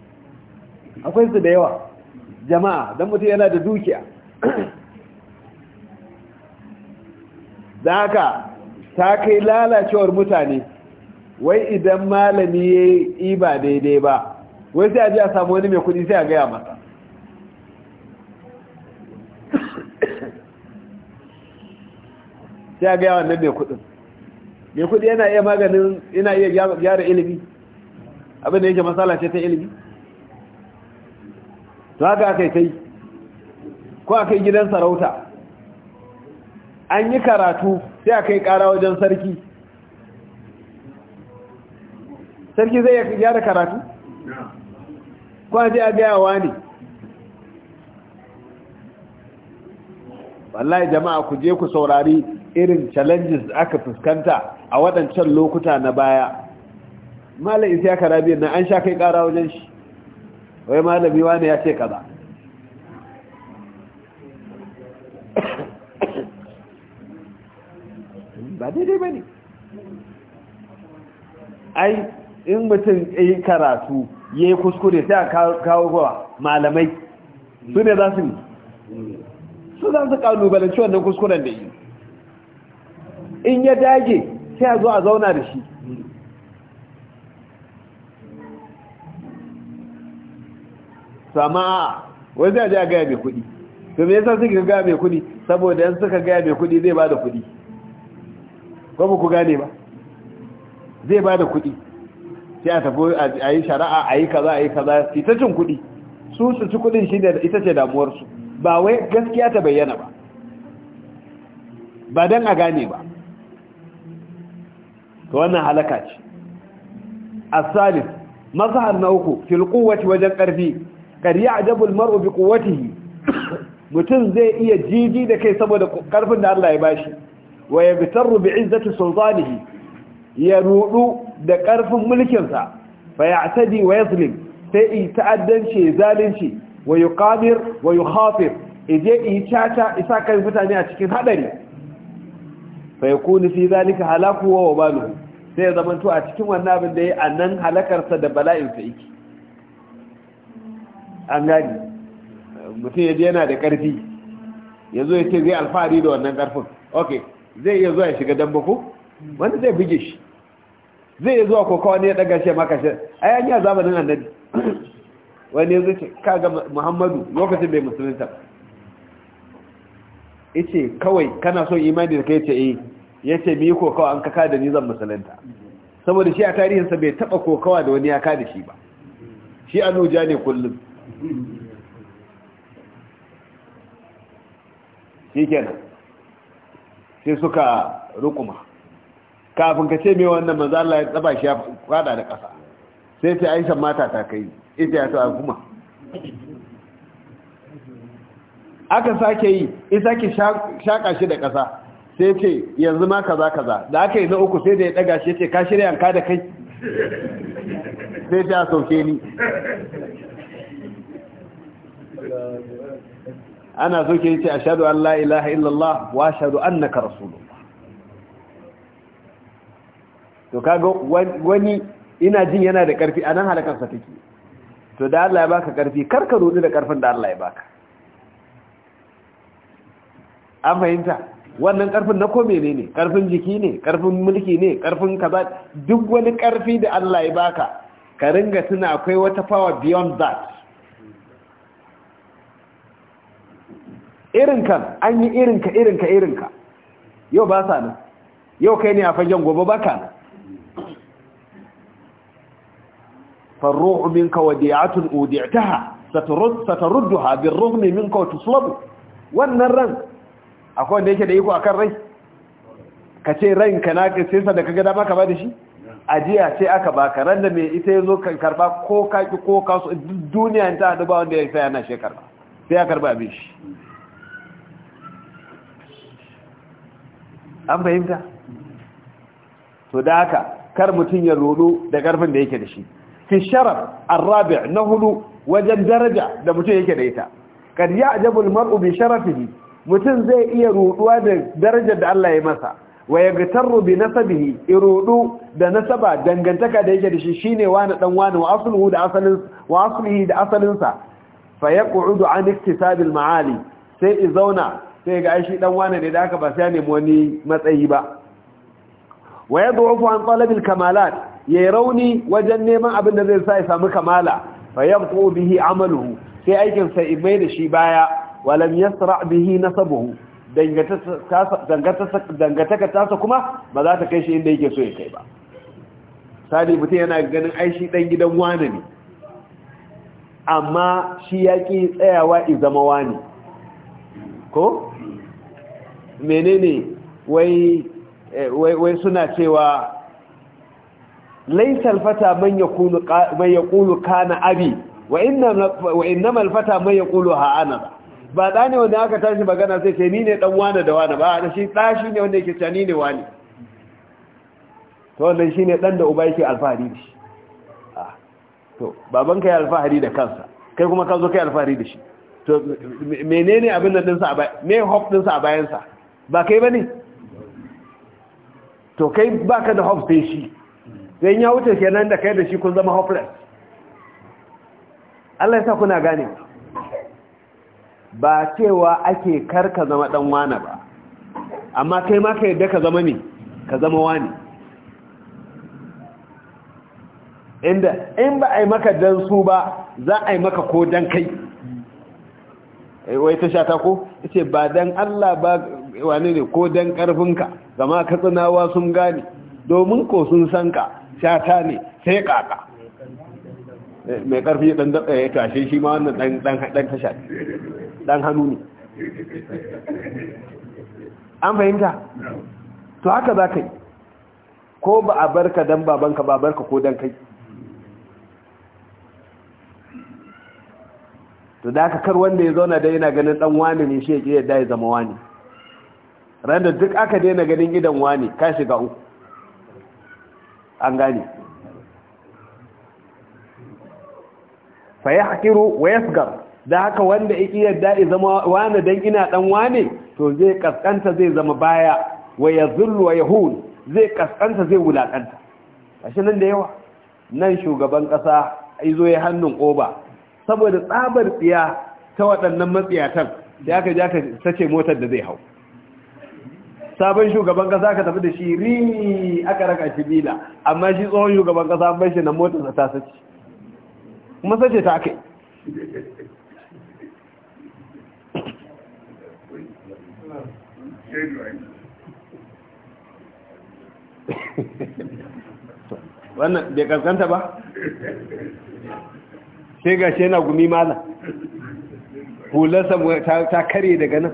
akwai su da yawa jama'a don mutum yana da dukiya da haka ta kai lalacewar mutane wai idan malami ya yi ba daidai ba wai sai a ji a samu wani mai kudi sai a gaya masa sai a gaya wannan mai kudin mai kudi yana iya maganin yana iya gyara ilimi abin da yake matsala ce ta ilimi to haka aka yi ta yi ko aka yi gidan sarauta an yi karatu sai aka yi kara wajen sarki sarki zai gyara karatu ko a ce a gaya wa ne wallahi jama'a ku je ku saurari irin challenges da aka fuskanta a waɗancan lokuta na baya malam isa karabiyar na an sha kai ƙara wajen shi wai malami wani ya ce kaza <coughs> ba daidai ba ne ai in mutum yi karatu ya yi kuskure sai a kawo kowa malamai su ne za su yi su za su kalubalanci wannan kuskuren da yi in ya dage sai a zo a zauna da shi sama wai zai ji a gaya mai kudi to me yasa suke gaya mai kudi saboda yan suka gaya mai kudi zai ba da kudi ko ku gane ba zai ba da kudi sai a tafi a yi shari'a a yi kaza a yi kaza ita cin kudi su su ci kudin shi ne da ita ce damuwarsu ba wai gaskiya ta bayyana ba ba don a gane ba to wannan halaka ce asalis mazhar na uku fil quwwati wajen karfi kad a al-mar'u bi quwwatihi mutum zai iya jiji da kai saboda karfin da Allah ya bashi wa yabtaru bi izzati sultanihi ya rudu da karfin mulkin sa fa ya'tadi wa yazlim sai yi ta'addanci zalunci wa yuqadir wa yukhafir ije yi tata isa kai mutane a cikin hadari fa yakunu fi zalika halaku wa wabalu sai ya zamanto a cikin wannan abin da yayi anan halakarsa da bala'in sa yake an gani mutum yaje yana da karfi yazo ya ce zai alfahari da wannan karfin okay zai iya zuwa ya shiga damba ko wanda zai bige shi zai iya zuwa kawai ne ya daga shi maka shi ai an yi zamanin annabi <clears throat> wani yanzu ce kaga muhammadu lokacin bai musulunta ba ice kawai kana son imani da kai ce eh ya ce mu yi kokawa an kaka da ni zan musulunta saboda shi a tarihinsa bai taba kokawa da wani ya ka da shi ba shi a nuja ne kullum shi kenan sai suka rukuma kafin ka ce mai wannan maza Allah ya tsaba shi ya fada da ƙasa sai sai Aisha mata ta kai ita ya ta kuma aka sake yi isa ke shaƙa shi da ƙasa sai ce yanzu ma kaza kaza da aka yi na uku sai da ya daga shi ce ka shirya yanka da kai sai ta sauke ni ana so ke ce shaɗu an la ilaha illallah wa ashhadu annaka rasulullah to kaga wani ina jin yana da ƙarfi nan anan halakarsa take to da Allah ya baka ƙarfi karka rudi da ƙarfin da Allah ya baka an fahimta wannan karfin na kome ne ne karfin jiki ne karfin mulki ne karfin kaza duk wani karfi da Allah ya baka ka ringa tuna akwai wata power beyond that irin kan an yi irinka irinka irinka yau ba sa nan yau kai ne a fagen gobe ba ka nan فالروح منك وديعة أودعتها سترد ستردها بالرغم منك وتصلب ran. akwai wanda yake da iko akan rai ka ce ka na sai da ka gada maka ba da shi ajiya ce aka baka ran da mai ita yazo kan karba ko kaki ko kasu duk duniya ta hadu ba wanda ya sai yana shekar sai ya karba abin shi an fahimta to da haka kar mutum ya rodo da karfin da yake da shi fi sharaf arrabi na hudu wajen daraja da mutum yake da ita kad ya ajabul maru bi sharafihi mutum zai iya ruduwa da darajar da Allah ya masa wa yagtarru bi nasabihi irudu da nasaba dangantaka da yake da shi shine wani dan wani wa asluhu da asalin wa aslihi da asalin sa fa yaq'udu an iktisab al ma'ali sai izauna sai ga shi dan wani ne da aka ba sai nemi wani matsayi ba wa yad'ufu an talab al kamalat yayi rauni wajen neman abin da zai sa ya samu kamala fa yabqu bihi amaluhu sai aikin sa imai da shi baya walam yasra bihi nasabuhu dangantaka tasa kuma ba za ta kai shi inda yake so ya kai ba sadi mutum yana ganin aishi dan gidan wani ne amma shi ya ƙi tsayawa zama wani ko? menene eh, wai wai suna cewa laysa fata man yaqulu kana abi wa inna wa innama fata man yakulu ha ana ba da ne wanda aka tashi magana sai ce ni ne dan wane da wane ba da shi da shi ne wanda yake tani ne wani to wannan ne dan da uba yake alfahari da shi ah, to baban kai alfahari da kansa kai kuma ka zo kai alfahari da shi to menene abin nan din sa a bayan me hope din sa a bayan sa ba kai bane to kai baka da hope sai shi dan ya wuce kenan da kai da shi kun zama hopeless Allah ya sa kuna gane ba cewa ake kar ka zama dan wane ba amma kai ma ka yadda ka zama ne ka zama wani inda in ba a yi maka dan su ba za a yi maka ko dan kai eh, wai ta shata ko ce ba dan Allah ba wane ne ko dan karfinka zama katsinawa sun gane domin ko sun san ka shata ne sai kaka mai karfi dan daba ya tashe shi ma wannan dan tasha dan hannu ne an fahimta to haka za ka yi ko ba a barka dan babanka ba barka ko dan kai to da aka kar wanda ya zauna da yana ganin dan wani ne shi ya da ya zama wani randa duk aka daina ganin idan wani ka shiga uku an gane fa yahqiru wa yasgar da haka wanda yake yadda ya zama wani dan ina dan wane to zai kaskanta zai zama baya wa yazullu wa yahul zai kaskanta zai wulakanta ashe nan da yawa nan shugaban kasa izo ya hannun koba saboda tsabar tsiya ta waɗannan matsiyatan da aka ja ka sace motar da zai hau sabon shugaban kasa ka tafi da shi ri aka raka shi bila amma shi tsohon shugaban kasa bai shi na motarsa ta sace kuma sace ta aka wannan bai kaskanta ba sai ga shi yana gumi mala hularsa ta kare daga nan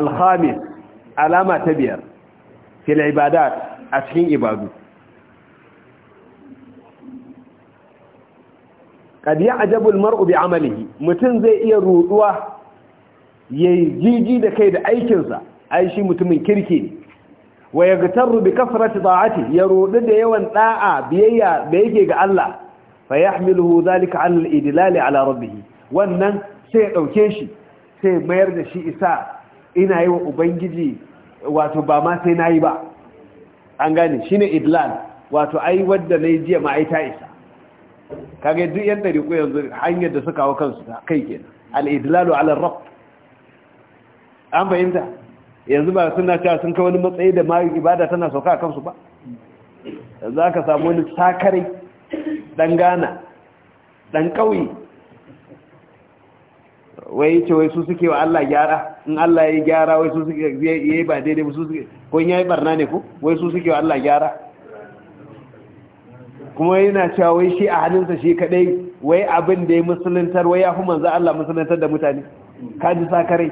alhamis alama ta biyar fil ibadat a cikin ibadu kad ya ajabul mar'u bi mutum zai iya ruduwa yayi jiji da kai da aikinsa ai shi mutumin kirki ne wa yagtaru bi kasrati da'ati ya rudu da yawan da'a biyayya da yake ga Allah fa yahmiluhu zalika 'ala al-idlal 'ala rabbih wannan sai ya dauke shi sai mayar da shi isa ina yi wa ubangiji wato ba ma sai na yi ba an gane ne idlal wato ai wadda na yi jiya ma ai ta isa kage duk yan dariku yanzu hanyar da suka hawo kansu kai kenan al-idlalu ala an fahimta yanzu ba suna cewa sun kai wani matsayi da ma ibada tana sauka kansu ba yanzu aka samu wani sakarai dan gana dan kauye wai ce wai su suke wa Allah gyara in Allah ya yi gyara wai su suke ya yi ba daidai ba su suke ko in ya yi barna ne ku wai su suke wa Allah gyara kuma yana cewa wai shi a hannunsa shi kadai wai abin da ya musuluntar wai ya fi manzo Allah musuluntar da mutane ka ji kare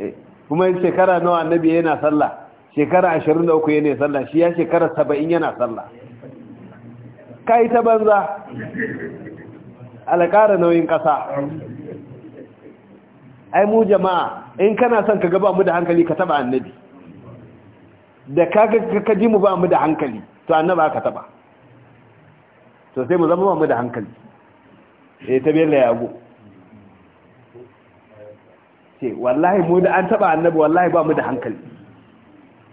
eh, kuma shekara nawa annabi yana sallah shekara ashirin da uku yana sallah shi ya shekara saba'in yana sallah ka yi ta banza alƙara nauyin ƙasa ai mu jama'a in kana son ka gaba mu da hankali ka taba annabi da ka ji mu ba mu da hankali to annaba ka taba to sai mu zama ba mu da hankali E, ta bella yago ce wallahi mu da an taba annabi wallahi ba mu da hankali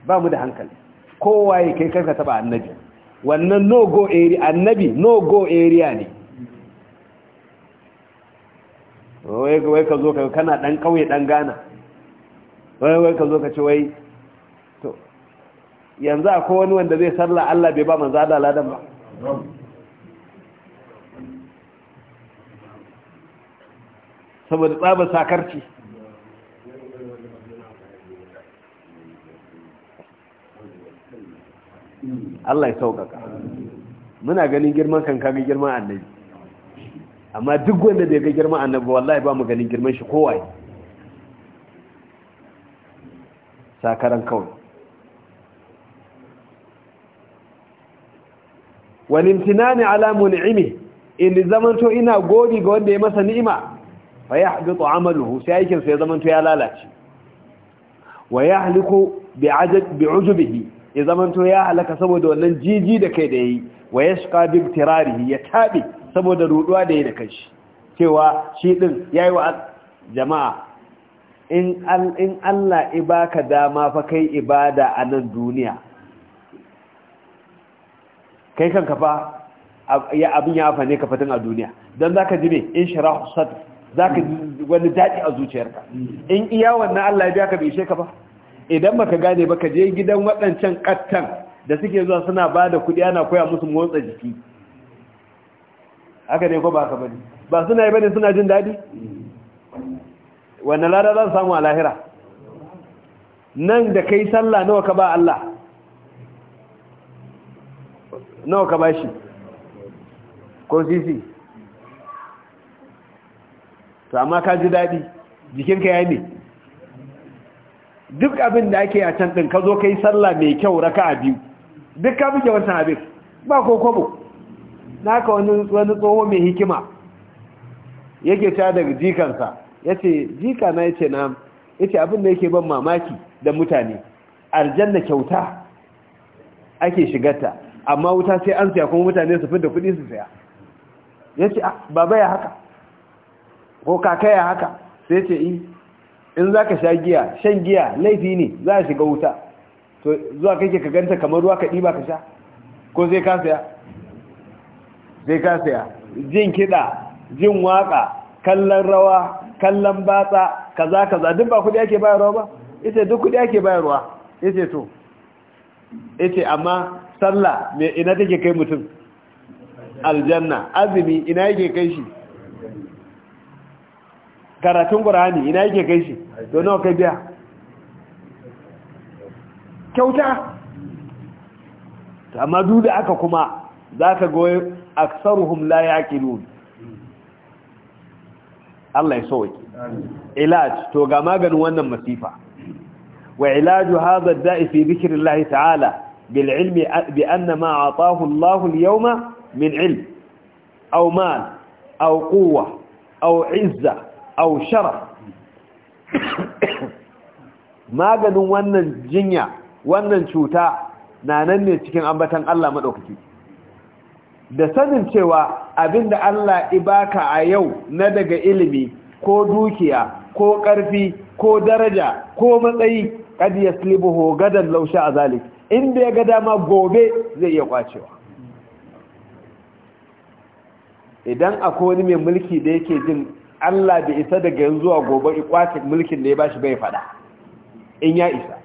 ba mu da hankali kowa yake kai ka taba annabi wannan no go area annabi no go area ne wai ka zo ka kana dan kauye dan gana wai wai ka zo ka ce wai to yanzu akwai wani wanda zai sarla Allah bai ba manzo Allah ladan ba saboda tsaba sakarci Allah ya sauƙaƙa muna ganin girman kankan girman annabi amma duk wanda bai ga girman annabi wallahi ba mu ganin girman shi kowa sakaran kawai wani tinani alamun ni'imi in zamanto ina godi ga wanda ya masa ni'ima fa ya haɗu amaluhu sai aikinsa ya zamanto ya lalace wa ya haliku bi ujubihi ya zamanto ya halaka saboda wannan jiji da kai da yi wa ya shuka bi tirarihi ya taɓe saboda ruduwa da ya da kanshi cewa shi din yayi wa jama'a in in Allah ibaka dama fa kai ibada a nan duniya kai kan fa ya abin ya afane ka fatan a duniya dan zaka ji me in sharahu sadr zaka ji wani daɗi a zuciyarka in iya wannan Allah ya ka bai ka ba idan baka gane ba ka je gidan waɗancan kattan da suke zuwa suna ba da kuɗi ana koya musu motsa jiki haka ne ko ba ka bane ba suna yi bane suna jin daɗi wannan lada za samu a lahira nan da kai sallah nawa ka ba Allah nawa ka ba shi ko sisi to amma ka ji daɗi jikinka ya ne duk abin da ake a can ɗin ka zo ka yi sallah mai kyau raka'a a biyu duk ka buke wannan abin ba ko kwabo naka wani wani tsoho mai hikima yake ta daga jikansa ce, jika na ya ce na ce abin da yake ban mamaki da mutane aljanna kyauta ake shigarta amma wuta sai an siya kuma mutane su fidda kuɗi su saya ce ah, baba ya haka ko kaka ya haka sai ce yi eh, in za ka sha giya shan giya laifi ne za a shiga wuta to zuwa kake ka ganta kamar ruwa ka ba ka sha ko sai ka saya Zai ka saya jin kiɗa jin waƙa kallon rawa kallon batsa kaza kaza duk ba kuɗi ake bayarwa ba ita duk kuɗi ake bayarwa ita to ita amma sallah me ina take kai mutum aljanna azumi ina yake kai shi karatun qur'ani ina yake kai shi to nawa kai biya kyauta amma duk da aka kuma zaka goye aksaruhum la yaqilun Allah ya sauke ilaj to ga maganin wannan masifa wa ilaju hadha ad-da'i fi dhikrillah ta'ala bil ilmi bi anna ma ataahu Allah al-yawma min ilm aw mal aw quwwa aw izza aw sharaf maganin wannan jinya wannan cuta na nan ne cikin ambatan Allah madaukaki da sanin cewa abin da Allah ibaka a yau na daga ilimi ko dukiya ko ƙarfi ko daraja ko matsayi kad yaslibuhu gadan law a zalik inda ya ga dama gobe zai iya kwacewa idan akwai wani mai mulki da yake jin Allah bai isa daga yanzu a gobe ya kwace mulkin da ya bashi bai fada in ya isa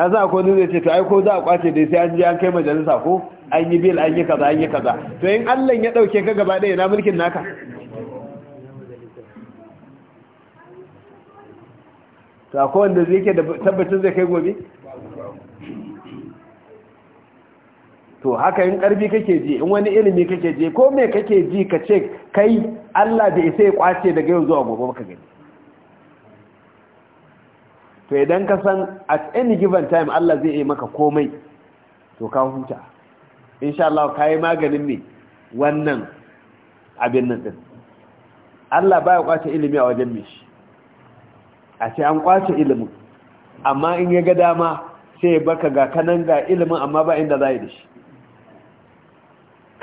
ka za ko zai ce to ai ko za a kwace dai sai an ji an kai majalisa ko an yi bil an yi kaza an yi kaza to in Allah ya dauke ka gaba ɗaya na mulkin naka to ko wanda zai ke da zai kai gobe to haka yin karbi kake ji in wani ilimi kake ji ko me kake ji ka ce kai Allah da isa ya kwace daga yau zuwa gobe ka gani to idan ka san at any given time Allah zai yi maka komai to ka huta insha Allah ka yi maganin ne wannan abin nan din Allah baya kwace ilimi a wajen mishi a ce an kwace ilimin amma in ya ga dama sai baka ga kanan ga ilimin amma ba inda za yi da shi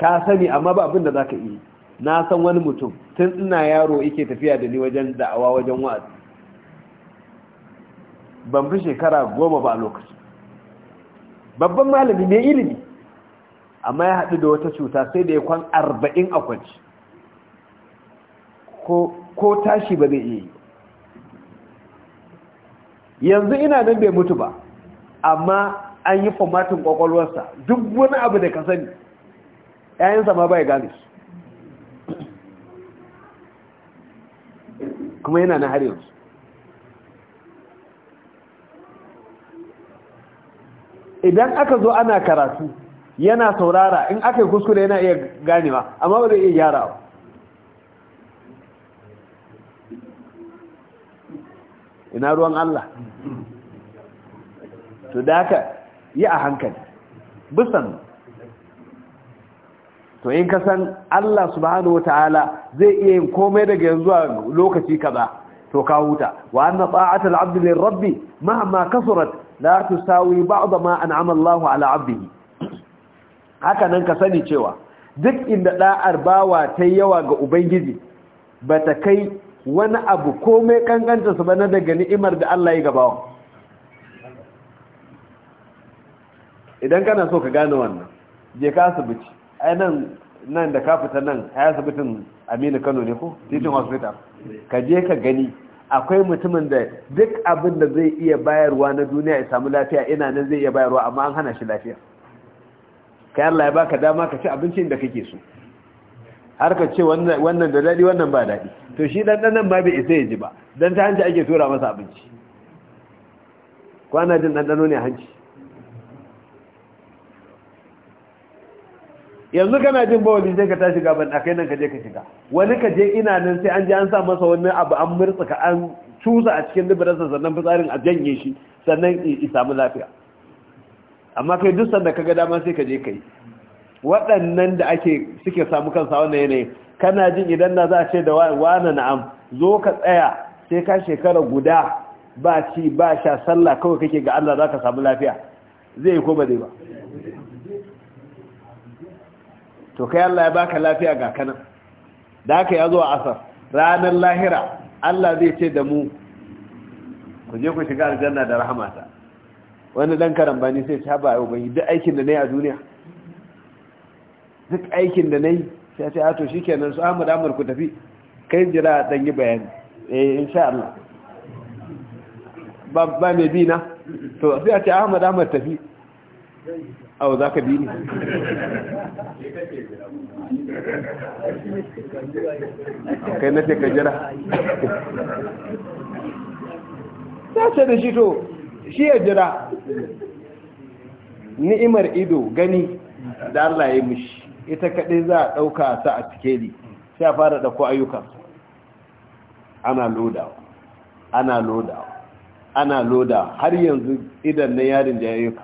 ka sani amma ba abin da za ka yi na san wani mutum tun ina yaro yake tafiya da ni wajen da'awa wajen wa'azi ban fi shekara goma ba a lokaci babban malami mai ilimi amma ya haɗu da wata cuta sai da ya kwan arba'in a kwanci ko tashi ba zai iya yi yanzu ina nan bai mutu ba amma an yi formatin kwakwalwarsa duk wani abu da ka sani ‘ya'yansa ma bai gane kuma yana na har yanzu idan aka zo ana karatu yana saurara in aka yi kuskure yana iya ganewa amma ba zai iya ba. ina ruwan Allah to da haka yi a hankali bisan to in kasan Allah subhanahu ta'ala zai iya yin komai daga yanzu a lokaci kaza to ka huta wa anna ta'atul abdi lirabbi kasurat لا تساوي بعض ما انعم الله ala 'abdihi haka nan ka sani cewa duk inda da'ar bawa ta yawa ga ubangiji ba ta kai wani abu komai kankanta su na daga ni'imar da Allah ya gabawa idan kana so ka gane wannan je ka asibiti ai nan nan da ka fita nan ai asibitin Aminu Kano ne ko titin hospital ka je ka gani akwai mutumin da duk abin da zai iya bayarwa na duniya ya samu lafiya ina nan zai iya bayarwa amma an hana shi lafiya kai Allah ya baka dama ka ci abincin da kake so har ka ce wannan da daɗi wannan ba daɗi to shi nan ba bai isa ya ji ba don ta hanci ake tura masa abinci kwana jin ɗanɗano ne hanci yanzu kana jin bawali sai ka tashi gaban akai nan ka je ka shiga wani ka je ina nan sai an je an sa masa wani abu an ka an cusa a cikin sa sannan fitsarin a janye shi sannan i samu lafiya amma kai duk sanda kaga dama sai ka je kai waɗannan da ake suke samu kansa wannan yanayi kana jin idan na za a ce da wani na'am zo ka tsaya sai ka shekara guda ba ci ba sha sallah kawai kake ga Allah za ka samu lafiya zai yi ko ba zai ba to kai Allah ya baka lafiya ga kana da haka ya zo a asar ranar lahira Allah zai ce da mu ku je ku shiga aljanna da rahamata wani dan karambani sai ta ba ubangi duk aikin da nayi a duniya duk aikin da nayi sai ta to shikenan su Ahmad Amur ku tafi kai jira dan yi bayani eh insha Allah ba ba mai bi na to sai a ta Ahmad Amur tafi awa za ka bi ni kai na ka jira ta ce da shi to shi ya jira ni'imar ido gani da Allah ya mushi, ita kaɗe za a ɗauka ta a cikeli sai a fara ɗauko ayyukan ana lodawa ana lodawa ana lodawa har yanzu idan na yarin jayayyuka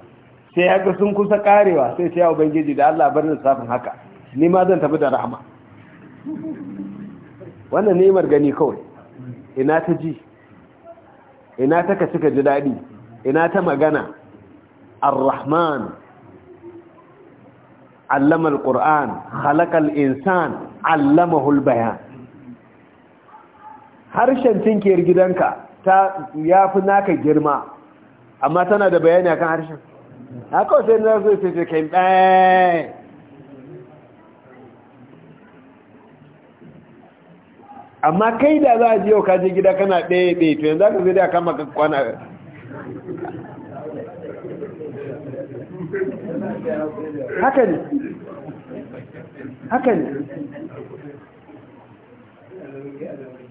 sai ya ga sun kusa karewa sai ta yawon ubangiji da Allah bar lissafin haka ni ma zan tafi da rahama wannan nemar gani kawai ina ta ji ina ta ka cika ji daɗi ina ta magana ar-rahman allama al-qur'an insan allamahu al-bayan harshen tinkiyar gidanka ta yafi naka girma amma tana da bayani akan harshen haka sai na zo sai kai bai amma kai da za a ji yau ka je gida kana ɗaya ɗaya to yanzu za ka zai da kama ka kwana haka ne haka ne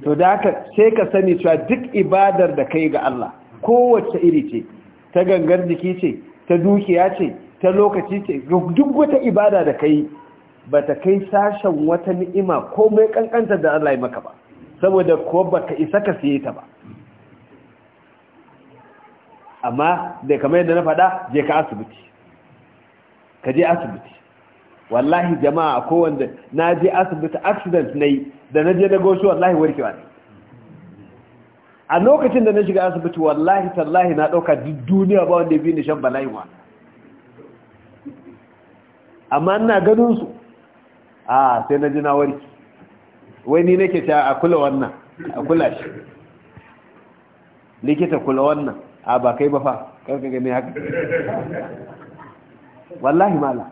to da haka sai ka sani cewa duk ibadar da kai ga Allah kowace iri ce ta gangar jiki ce ta dukiya ce ta lokaci ce duk wata ibada da kai ba ta kai sashen wata ni'ima ko mai kankanta da Allah ya maka ba saboda ko baka isa ka siye ta ba amma da kamar yadda na faɗa je ka asibiti ka je asibiti wallahi jama'a ko wanda na je asibiti accident nayi da na je na goshi wallahi warkewa ne a lokacin da na shiga asibiti wallahi tallahi na ɗauka duk duniya ba wanda ya ni shan bala'in wa amma ina su a sai na ji na warki wai ni nake ta a kula wannan a kula shi likita kula wannan a ba kai ba fa karka gani haka wallahi mala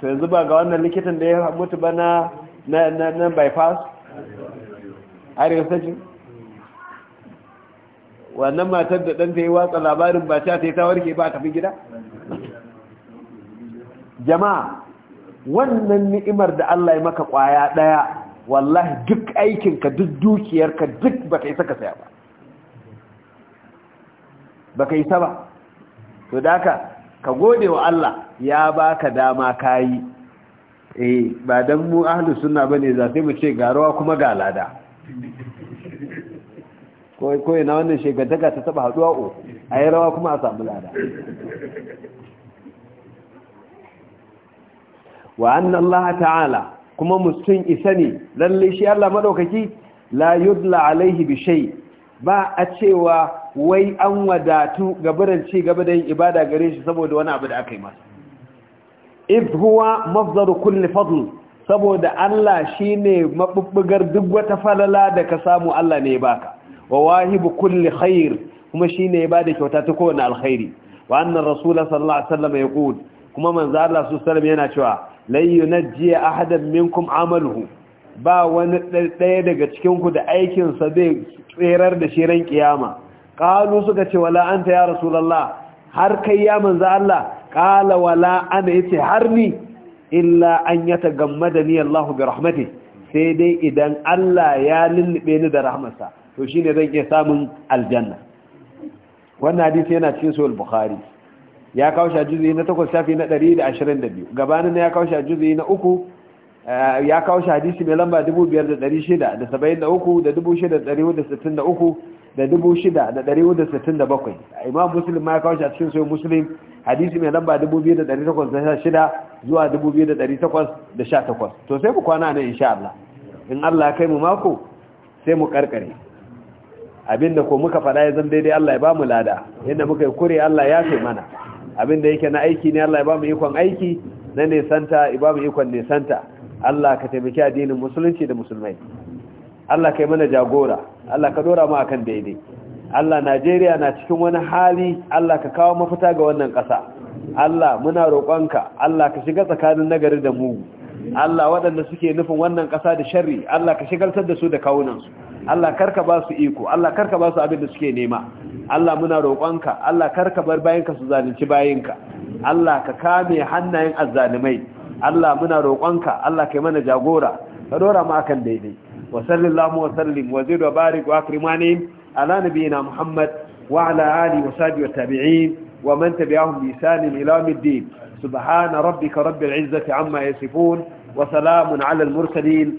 to yanzu ba ga wannan likitan da ya mutu ba na na bypass har yanzu wannan matar da ɗanta yi watsa labarin ba ta ta warke ba tafi gida jama'a wannan ni'imar da Allah ya maka ƙwaya ɗaya wallahi duk aikinka duk dukiyarka duk ba ka yi ka saya ba ba ka yi ba to daka ka gode wa Allah ya baka dama kayi eh ba dan mu suna ba ne, za sai mu ce rawa kuma ga lada ko na wannan shegantaka ta taba haduwa o a yi rawa kuma a samu lada wa annan laha ta'ala kuma mutum isa ne lalle shi Allah maɗaukaki la yudla alaihi bishai ba a cewa wai an wadatu gabaran ci gaba da yin ibada gare shi saboda wani abu da aka yi masa if huwa mafzaru kulli fadl saboda Allah shine mabubbugar duk wata falala da ka samu Allah ne ya baka wa wahibu kulli khair kuma shine ya bada kyauta ta kowane alkhairi wa anna rasul sallallahu alaihi wasallam yaqul kuma manzo Allah sallallahu alaihi yana cewa lan yunajji ahadan minkum amaluhu ba wani ɗaya daga cikin ku da aikin sa zai tserar da shi ran kiyama qalu suka ce wala anta ya rasulullah har kai ya manzo Allah qala wala ana yace har ni illa an yatagammada ni Allah bi rahmatihi sai dai idan Allah ya lullube ni da rahmarsa to shine zan iya samun aljanna wannan hadisi yana cikin sahih bukhari ya kawo shi a juzuyi na 8 safi na 122 gabanin ya kawo shi a juzuyi na 3 eh, ya kawo shi hadisi mai lamba 5673 da 6463 da 6663 da 6467 imam muslim ma ya kawo shi a cikin sahih muslim hadisi mai lamba 2816 zuwa 2818 to sai mu kwana ne insha Allah in Allah ya kai mu mako sai mu karkare abinda ko muka faɗa ya zan daidai Allah ya ba mu lada inda muka yi kure Allah ya fi mana abinda yake na aiki ne Allah ya ba mu ikon aiki na nesanta ya ba mu ikon nesanta Allah ka taimaki addinin musulunci da musulmai Allah ka yi mana jagora Allah ka dora mu akan daidai Allah Najeriya na cikin wani hali Allah ka kawo mafita ga wannan ƙasa Allah muna roƙonka Allah ka shiga tsakanin nagari da mu Allah waɗanda suke nufin wannan ƙasa da sharri Allah ka shigar da su da kawunansu Allah karka ba su iko Allah karka ba su abin da suke nema Allah muna roƙonka Allah karka bar bayanka su zalunci bayanka Allah ka kame hannayen azzalimai Allah muna roƙonka Allah kai mana jagora ka dora mu akan daidai wa sallallahu wa sallim wa zid wa barik wa akrimani ala nabiyina Muhammad wa ala alihi wa sahbihi wa tabi'in wa man tabi'ahum bi ihsan ila subhana rabbika rabbil izzati amma yasifun wa salamun ala al mursalin